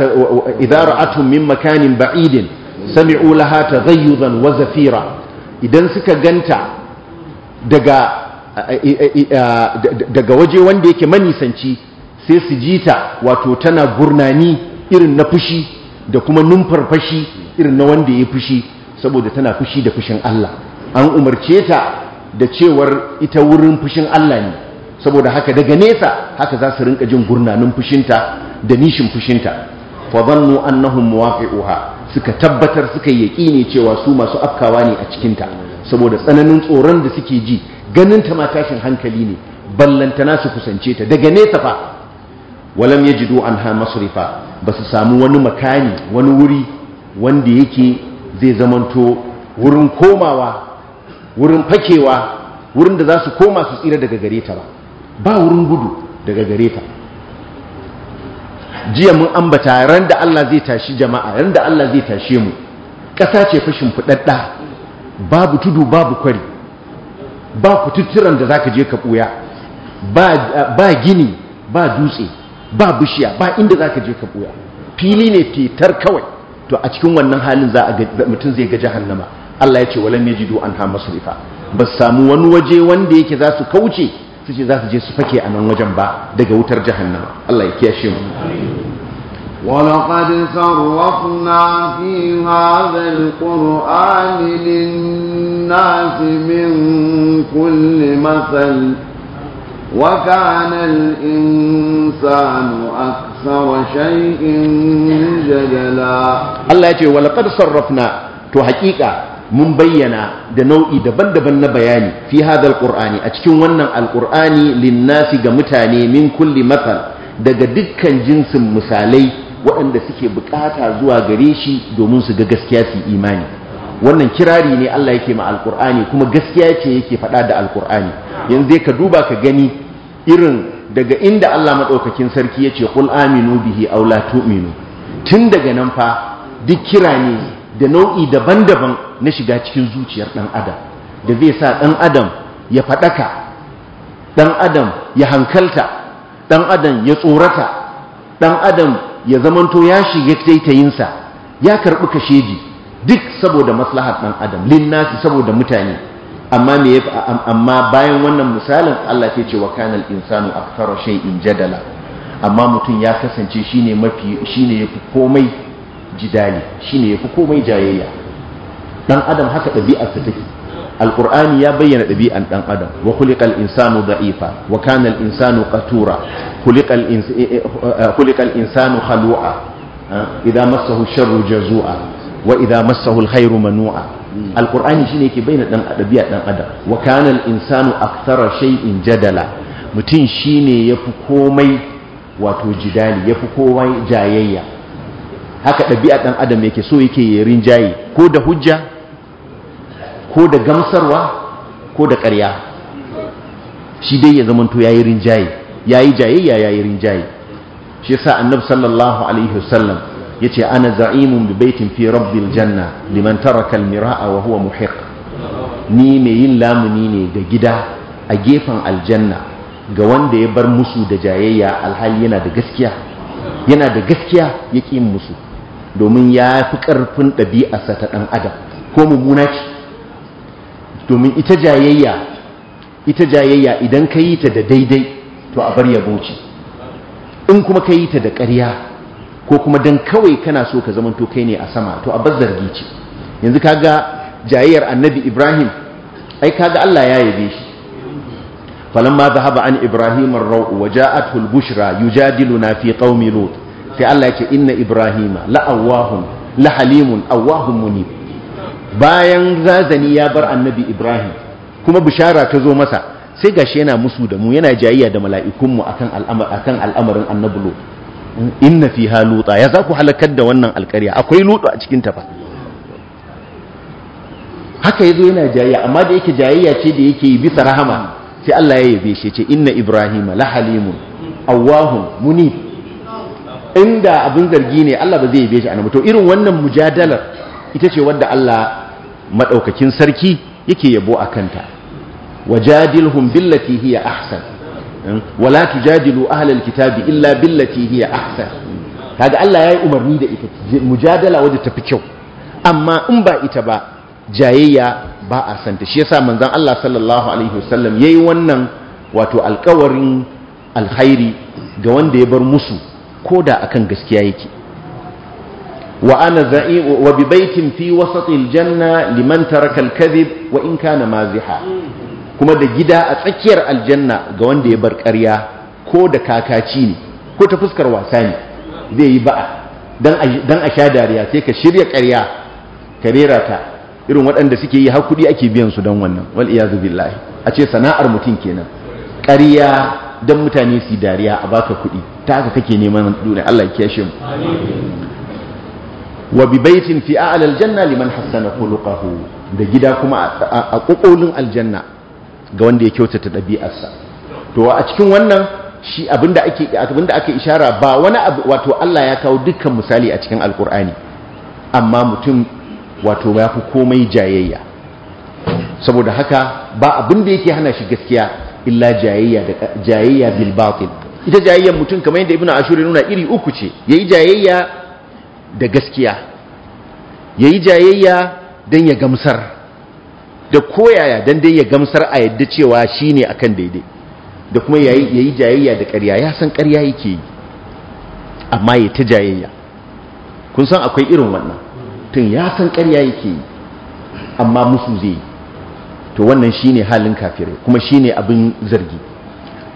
[SPEAKER 1] idza ra'atuhum min makanin ba'idin sami'u laha taghayyudan wa zafira idan suka ganta daga waje wanda yake manisanci sai su jita wato tana gurnani irin na fushi da kuma numfar fashi irin na wanda ya fushi saboda tana fushi da fushin Allah an umarce ta da cewar ita wurin fushin Allah ne saboda haka daga nesa haka za su rinka jin gurnanin fushinta da nishin fushinta fa zannu annahum muwaqi'uha suka tabbatar suka yaƙi ne cewa su masu afkawa ne a cikinta saboda tsananin tsoron da suke ji ganin ta ma tashin hankali ne ballantana su kusance ta daga nesa fa walam yajidu anha masrifa ba su samu wani makani wani wuri wanda yake zai zamanto wurin komawa wurin fakewa wurin da za su koma su tsira daga gare ta ba ba wurin gudu daga gare ta jiya mun ambata ran da Allah zai tashi jama'a ran da Allah zai tashe mu ƙasa ce fashin fudadda babu tudu babu kwari ba kututturan da zaka je ka buya ba gini ba dutse ba bishiya ba inda zaka je ka buya fili ne fitar kawai to a cikin wannan halin za a mutum zai ga jahannama Allah ya ce walam yajidu anha masrifa ba samu wani waje wanda yake za su kauce su ce za su je su fake a nan wajen ba daga wutar jahannama Allah ya kiyashe mu
[SPEAKER 2] ولقد صرفنا في هذا القرآن للناس من كل مثل وكان
[SPEAKER 1] الإنسان أكثر شيء جدلا الله يقول ولقد صرفنا تو حقيقة mun bayyana da nau'i daban-daban na bayani fi hadal qur'ani a cikin wannan alqur'ani linnasi ga mutane min kulli mathal daga dukkan jinsin misalai waɗanda suke bukata zuwa gare shi domin su ga gaskiya su imani wannan kirari ne Allah yake ma alqur'ani kuma gaskiya ce yake faɗa da alqur'ani yanzu ka duba ka gani irin daga inda Allah madaukakin sarki yace qul aminu bihi aw la tu'minu tun daga nan fa duk kira da nau'i daban-daban na shiga cikin zuciyar ɗan adam da zai sa ɗan adam ya faɗaka ɗan adam ya hankalta ɗan adam ya tsorata ɗan adam ya zamanto ya shiga taitayinsa ya karɓi kasheji duk saboda maslahar ɗan adam linnasi saboda mutane amma bayan wannan misalin Allah ke ce wa kana a insanu shai shay'in jadala amma mutum ya kasance shine mafi shine yafi komai jidali shine yafi komai jayayya dan adam haka ɗabi'arsa take alqur'ani ya bayyana ɗabi'an dan adam wa khuliqal insanu da'ifa wa kana al insanu qatura khuliqal eh, eh, eh, khuliqal insanu khalu'a idza massahu sharru jazua wa idza massahu al khairu manu'a hmm. alqur'ani shine yake bayyana dan ɗabi'ar dan adam wa kana al insanu akthara shay'in jadala mutum shine yafi komai wato jidali yafi komai jayayya haka ɗabi'a ɗan adam yake so yake yi rinjaye ko da hujja ko da gamsarwa ko da ƙarya shi dai ya zamanto ya yi rinjaye ya yi jayayya ya yi rinjaye shi sa annabi sallallahu alaihi wasallam ya ce ana za'imun bi baitin fi rabbil janna liman taraka almira'a wa huwa muhiq ni mai yin lamuni ne ga gida a gefen aljanna ga wanda ya bar musu da jayayya alhali yana da gaskiya yana da gaskiya ya ƙi musu domin ya fi ƙarfin ɗabi'arsa ta ɗan adam ko mummuna ce domin ita jayayya ita jayayya idan ka yi ta da daidai to a bar yabo ce in kuma ka yi ta da ƙarya ko kuma don kawai kana so ka zamanto kai ne a sama to a bar zargi ce yanzu kaga jayayyar annabi ibrahim ai kaga allah ya yabe shi falamma zahaba an ibrahim ar-ra'u wa ja'at al-bushra yujadiluna fi qaumi lut sai Allah ya ce inna ibrahima la halimun awahun muni bayan zazani ya bar annabi ibrahim kuma bishara ta zo masa sai gashi yana musu da mu yana jayayya da mala'ikunmu akan al'amar akan al'amarin annabulo inna fi haluta ya za ku halakar da wannan alƙarya akwai lutu a cikin ta fa haka yazo yana jayayya amma da yake jayayya ce da yake bisa rahama sai Allah ya yabe shi ce inna ibrahima halimun awahun muni. inda abin zargi ne Allah ba zai yabe a namu. to irin wannan mujadalar ita ce wadda Allah madaukakin sarki yake yabo a kanta wajadilhum billati hiya ahsan hmm? wala tujadilu ahlal kitabi illa billati hiya ahsan kaga Allah yayi umarni da ita mujadala wadda tafi kyau amma in ba ita ba jayayya ba a santa shi yasa manzon Allah sallallahu alaihi wasallam yayi wannan wato alƙawarin alkhairi ga wanda ya bar musu ko da a kan gaskiya yake wa ana za'i wa bi baitin fi wasati aljanna liman taraka alkadhib wa in kana maziha kuma da gida a tsakiyar aljanna ga wanda ya bar ƙarya ko da kakaci ne ko ta fuskar wasa ne zai yi ba'a dan a sha dariya sai ka shirya ƙarya ka rera ta irin waɗanda suke yi har ake biyan su don wannan wal iyazu billahi a ce sana'ar mutum kenan ƙarya don mutane su dariya a baka kuɗi ta haka kake neman duniya Allah ya kiyashe mu wa bi baitin fi a'la aljanna liman hassana khuluquhu da gida kuma a kokolin aljanna ga wanda ya kyautata dabi'arsa to a cikin wannan shi abinda ake abinda aka ishara ba wani abu wato Allah ya kawo dukkan misali a cikin alkur'ani amma mutum wato ya fi komai jayayya saboda haka ba abinda yake hana shi gaskiya illa jayayya da jayayya bil batil ita jayayyan mutum kamar yadda ibnu ashur nuna iri uku ce yayi jayayya da gaskiya yayi jayayya dan ya gamsar da koyaya dan dai ya gamsar a yadda cewa shine akan daidai da kuma yayi jayayya da ƙarya ya san ƙarya yake yi amma ya ta jayayya kun san akwai irin wannan tun ya san ƙarya yake yi amma musu zai yi to wannan shine halin kafirai kuma shine abin zargi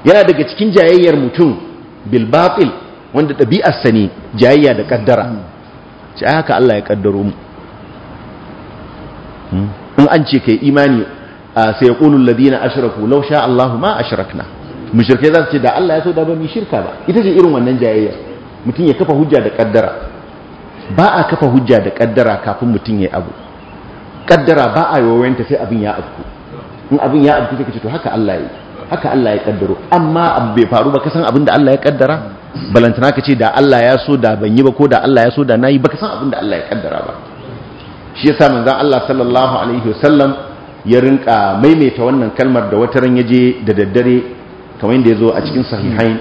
[SPEAKER 1] yana daga cikin jayayyar mutum bil batil wanda ɗabi'ar sa ne jayayya da kaddara sai haka Allah ya kaddaro mu hmm? in an ce kai imani sai yaqulu alladhina ashraku law sha Allahu ma ashrakna mushrikai za su ce da Allah ya so da ba mu shirka ba ita ce irin wannan jayayya mutum ya kafa hujja da kaddara ba a kafa hujja da kaddara kafin mutum ya abu kaddara ba a yawayenta sai abin ya afku in abin ya afku sai ka ce to haka Allah ya haka Allah ya kaddaro amma abu bai faru ba ka san abin da Allah ya kaddara balantana ka ce da Allah ya so da ban yi ba ko da Allah ya so da nayi ba ka san abin da Allah ya kaddara ba shi yasa manzon Allah sallallahu alaihi wasallam ya rinka maimaita wannan kalmar da wataran yaje da daddare kamar yadda yazo a cikin sahihain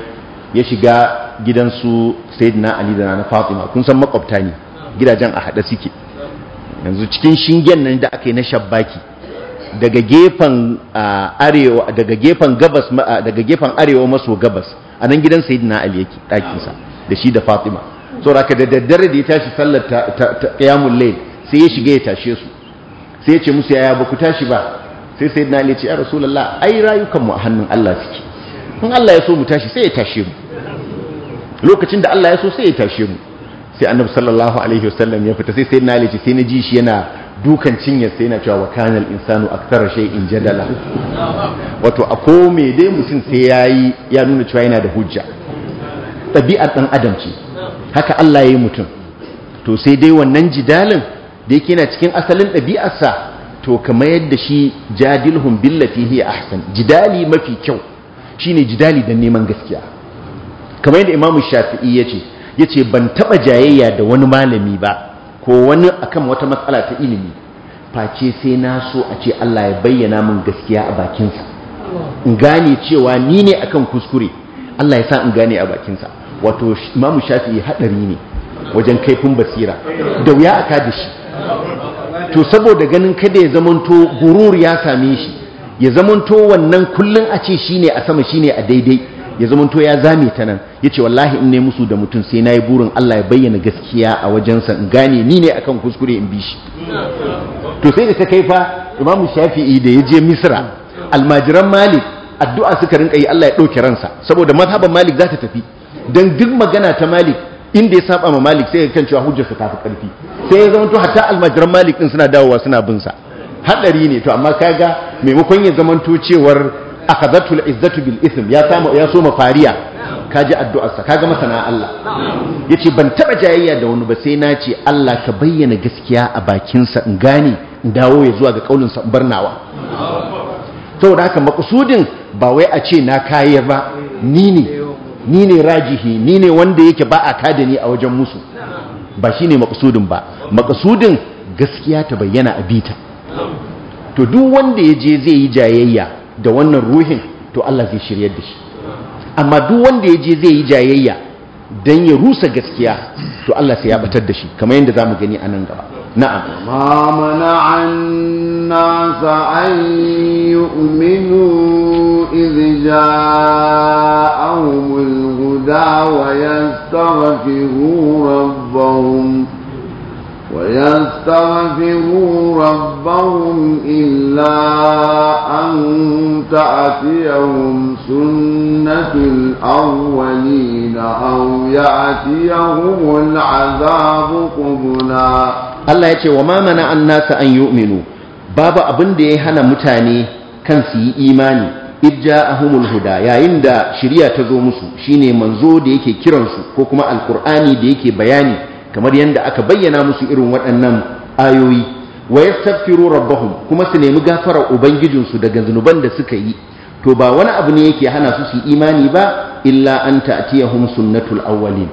[SPEAKER 1] ya shiga gidansu sayyidina Ali da na Fatima kun san makwabta ne gidajen a hada suke yanzu cikin shingen nan da aka yi na shabbaki daga gefen arewa daga gefen gabas daga gefen arewa maso gabas a nan gidan sayyidina ali yake ɗakinsa da shi da fatima so raka da daddare da ya tashi sallar qiyamul layl sai ya shiga ya tashe su sai ya ce musu yaya ba ku tashi ba sai sayyidina ali ya ce ya rasulullah ai rayukan mu a hannun Allah suke in Allah ya so mu tashi sai ya tashe mu lokacin da Allah ya so sai ya tashe mu sai annabi sallallahu alaihi wasallam ya fita sai sai na ce sai na ji shi yana dukan cinyar sai na cewa wa kana al insanu akthara shay'in jadala wato a ko me dai mutum sai yayi ya nuna cewa yana da hujja ɗabi'ar ɗan adam ce haka Allah ya yi mutum to sai dai wannan jidalin da yake yana cikin asalin ɗabi'arsa to kamar yadda shi jadilhum billati hi ahsan jidali mafi kyau shine jidali dan neman gaskiya kamar yadda imamu shafi'i ya ce ya ce ban taɓa jayayya da wani malami ba ko wani akan wata matsala ta ilimi face sai na so a ce Allah ya bayyana min gaskiya a bakinsa in gane cewa ni ne kan kuskure Allah ya sa in gane a bakinsa wato imamu shafi'i haɗari ne wajen kaifin basira da wuya a kada shi to saboda ganin kada ya zamanto gurur ya same shi ya zamanto wannan kullum a ce shine a sama shine a daidai ya zamanto ya zame ta nan ya ce wallahi in ne musu da mutum sai na yi burin Allah ya bayyana gaskiya a wajensa in gane ni ne akan kuskure in bishi. shi to sai da ta kai fa Imam Shafi'i da ya je Misra almajiran Malik addu'a suka rinka yi Allah ya ɗauki ransa saboda mazhaban Malik za ta tafi dan duk magana ta Malik inda ya saba ma Malik sai ya kan cewa hujjarsa ta fi karfi sai ya zamanto hatta almajiran Malik din suna dawowa suna bin sa hadari ne to amma kaga maimakon ya zamanto cewar akhadhatul izzatu bil ithm ya samu ya soma fariya kaji addu'arsa kaga masana Allah yace ban taba jayayya da wani ba sai na ce Allah ka bayyana gaskiya a bakin sa in gane in dawo ya zuwa ga kaulin sa barnawa saboda haka makusudin ba wai a ce na kaye ba ni ne ni ne rajihi ni ne wanda yake ba a kada ni a wajen musu ba shine makusudin ba makusudin gaskiya ta bayyana a bita to duk wanda ya je zai yi jayayya da wannan ruhin to Allah zai shiryar da shi amma duk wanda ya je zai yi jayayya don ya rusa gaskiya to Allah sai ya batar da shi kamar yadda za mu gani a nan gaba na'am
[SPEAKER 2] ma mana'an الناس أن يؤمنوا إذ جاءهم الهدى ويستغفروا ربهم ويستغفروا ربهم إلا أن تأتيهم سنة الأولين أو يأتيهم العذاب قبلا
[SPEAKER 1] الله يقول وما منع الناس أن يؤمنوا بابا أبن دي هنا متاني كان في إيماني إذ جاءهم الهدى يا عند شريعة تزومسو شيني منزو ديكي كيرنسو كوكما القرآني ديكي بياني kamar yadda aka bayyana musu irin waɗannan ayoyi wa yastaghfiru rabbahum kuma su nemi gafarar ubangijinsu daga zunuban da suka yi to ba wani abu ne yake hana su su imani ba illa an ta'tiyahum sunnatul awwalin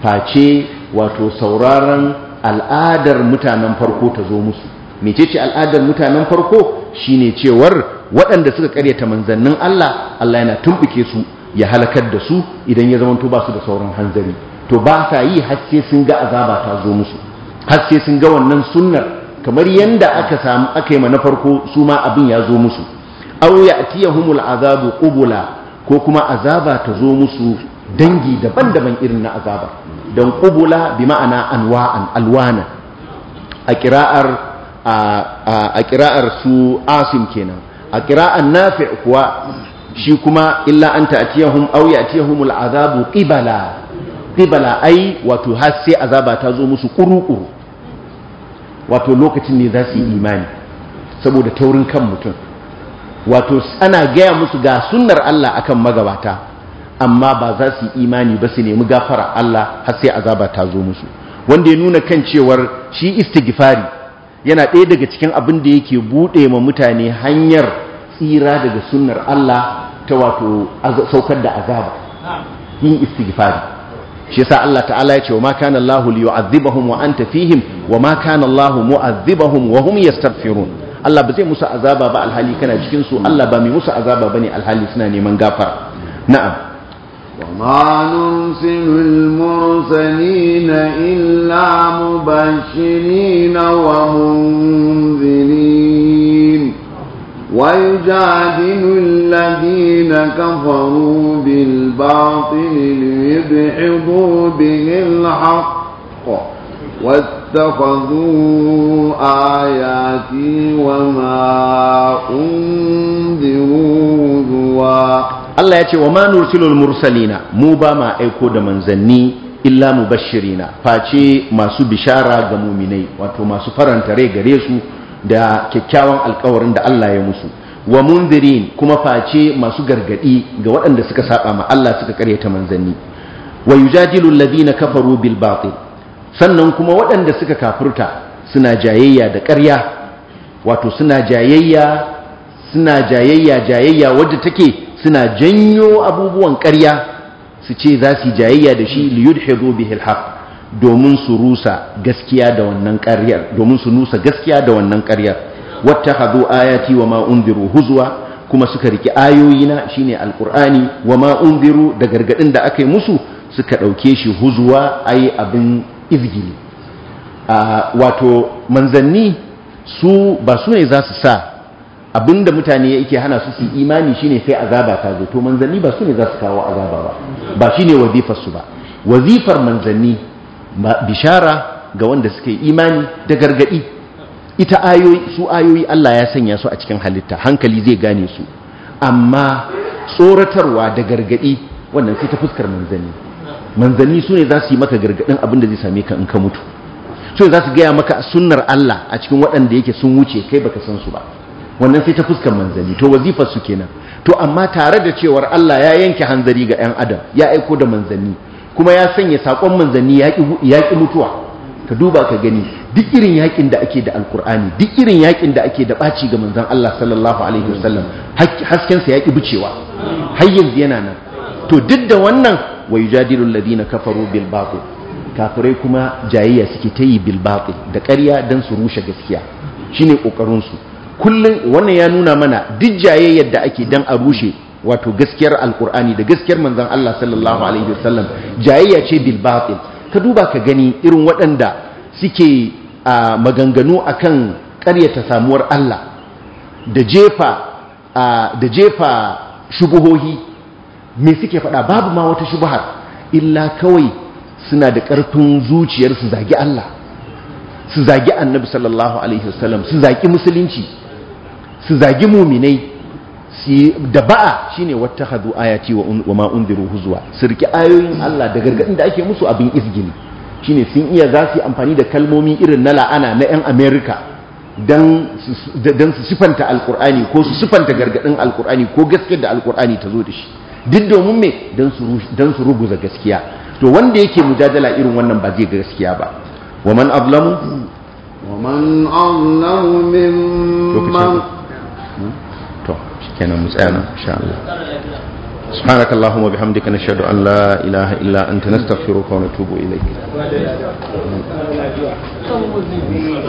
[SPEAKER 1] face wato sauraron al'adar mutanen farko ta zo musu mecece al'adar mutanen farko shine cewar waɗanda suka karyata manzannin Allah Allah yana tumbuke su ya halakar da su idan ya zama zamanto ba su da sauran hanzari to ba sa yi haske sun ga azaba ta zo musu haske sun ga wannan sunnar kamar yanda aka samu aka yi na farko su ma abin ya zo musu aw humul azabu qubula ko kuma azaba ta zo musu dangi daban-daban irin na azaba don qubula bi ma'ana anwa'an alwana a kira'ar a kira'ar su asim kenan a kira'ar nafi' kuwa shi kuma illa an ta'tiyahum aw ya'tiyahumul azabu qibala qibala ai wato har sai azaba ta zo musu kuru-kuru wato lokacin ne za su yi imani saboda taurin kan mutum wato ana gaya musu ga sunnar Allah akan magabata amma ba za su yi imani ba su nemi gafara Allah har sai azaba ta zo musu wanda ya nuna kan cewar shi istighfari yana ɗaya daga cikin abin da yake buɗe ma mutane hanyar tsira daga sunnar Allah ta wato saukar da azaba yin istighfari shi yasa Allah ta'ala ya ce wa ma kana Allahu liyu'adhibahum wa anta fihim wa ma kana Allah mu'adhibahum wa hum yastaghfirun Allah ba zai musu azaba ba alhali kana cikin su Allah ba mai musu azaba bane alhali suna neman gafara na'am wa وما
[SPEAKER 2] نرسل المرسلين إلا مبشرين ومنذرين ويجادل الذين كفروا بالباطل ليدحضوا به الحق واتخذوا آياتي وما أنذروا هزوا
[SPEAKER 1] الله يقول وما نرسل المرسلين موبا ما أيكو دمنزني illa mubashirina face masu bishara ga muminai wato masu faranta rai gare su da kyakkyawan alkawarin da Allah ya musu wa munzirin kuma face masu gargadi ga waɗanda suka saba ma Allah suka karyata manzanni wa yujadilu alladhina kafaru bil batil sannan kuma waɗanda suka kafurta suna jayayya da ƙarya wato suna jayayya suna jayayya jayayya wadda take suna janyo abubuwan ƙarya su ce za su jayayya da shi liyudhidu bihi alhaq domin su rusa gaskiya da wannan ƙaryar domin su nusa gaskiya da wannan ƙaryar hadu ayati wa ma unziru huzwa kuma suka riki ayoyina shine alqur'ani wa ma da gargadin da aka yi musu suka dauke shi huzwa ai abin izgili wato manzanni su ba su ne za su sa abinda mutane yake hana su su imani shine sai azaba ta zo to manzanni ba su ne za su kawo azaba ba ba shine wazifar su ba wazifar manzanni bishara ga wanda suke imani da gargadi ita ayoyi su ayoyi Allah ya sanya su a cikin halitta hankali zai gane su amma tsoratarwa da gargadi wannan sai ta fuskar manzani. Manzani su za su yi maka gargadin abin da zai same ka in ka mutu su ne za su gaya maka sunnar Allah a cikin waɗanda yake sun wuce kai baka san su ba wannan sai ta fuskar manzani to wazifar su kenan to amma tare da cewar Allah ya yanke hanzari ga 'yan adam ya aiko da manzani. kuma ya sanya saƙon manzanni yaƙi mutuwa ka duba ka gani duk irin yaƙin da ake da alkur'ani duk irin yaƙin da ake da ɓaci ga manzan Allah sallallahu alaihi wasallam haskensa yaƙi bucewa har yanzu yana nan to duk da wannan wa yujadilul ladina kafaru bil batil kafirai kuma jayayya suke ta yi bil da ƙarya dan su rushe gaskiya shine kokarin su kullun wannan ya nuna mana duk jayayyar da ake dan a rushe wato gaskiyar alkur'ani da gaskiyar manzan Allah sallallahu alaihi wasallam jayayya ce bil ka duba ka gani irin waɗanda suke a maganganu akan ƙaryata samuwar Allah da jefa da jefa shubuhohi me suke faɗa babu ma wata shubuhar illa kawai suna da ƙarfin zuciyar su zagi Allah su zagi annabi sallallahu alaihi wasallam su zagi musulunci su zagi muminai da ba'a shine wattakhadhu ayati wa ma unziru huzwa sirki ayoyin Allah da gargadin da ake musu abin isgini shine sun iya za yi amfani da kalmomi irin na la'ana na yan America dan su sifanta alkur'ani ko su sifanta gargadin alkur'ani ko gaskiyar da alkur'ani ta zo da shi duk domin me dan su ruguza gaskiya to wanda yake mujadala irin wannan ba zai ga gaskiya ba wa man azlamu
[SPEAKER 2] wa man azlamu mimman
[SPEAKER 1] kenan mu tsaya nan insha Allah سبحانك اللهم وبحمدك نشهد أن لا إله إلا أنت نستغفرك ونتوب
[SPEAKER 3] إليك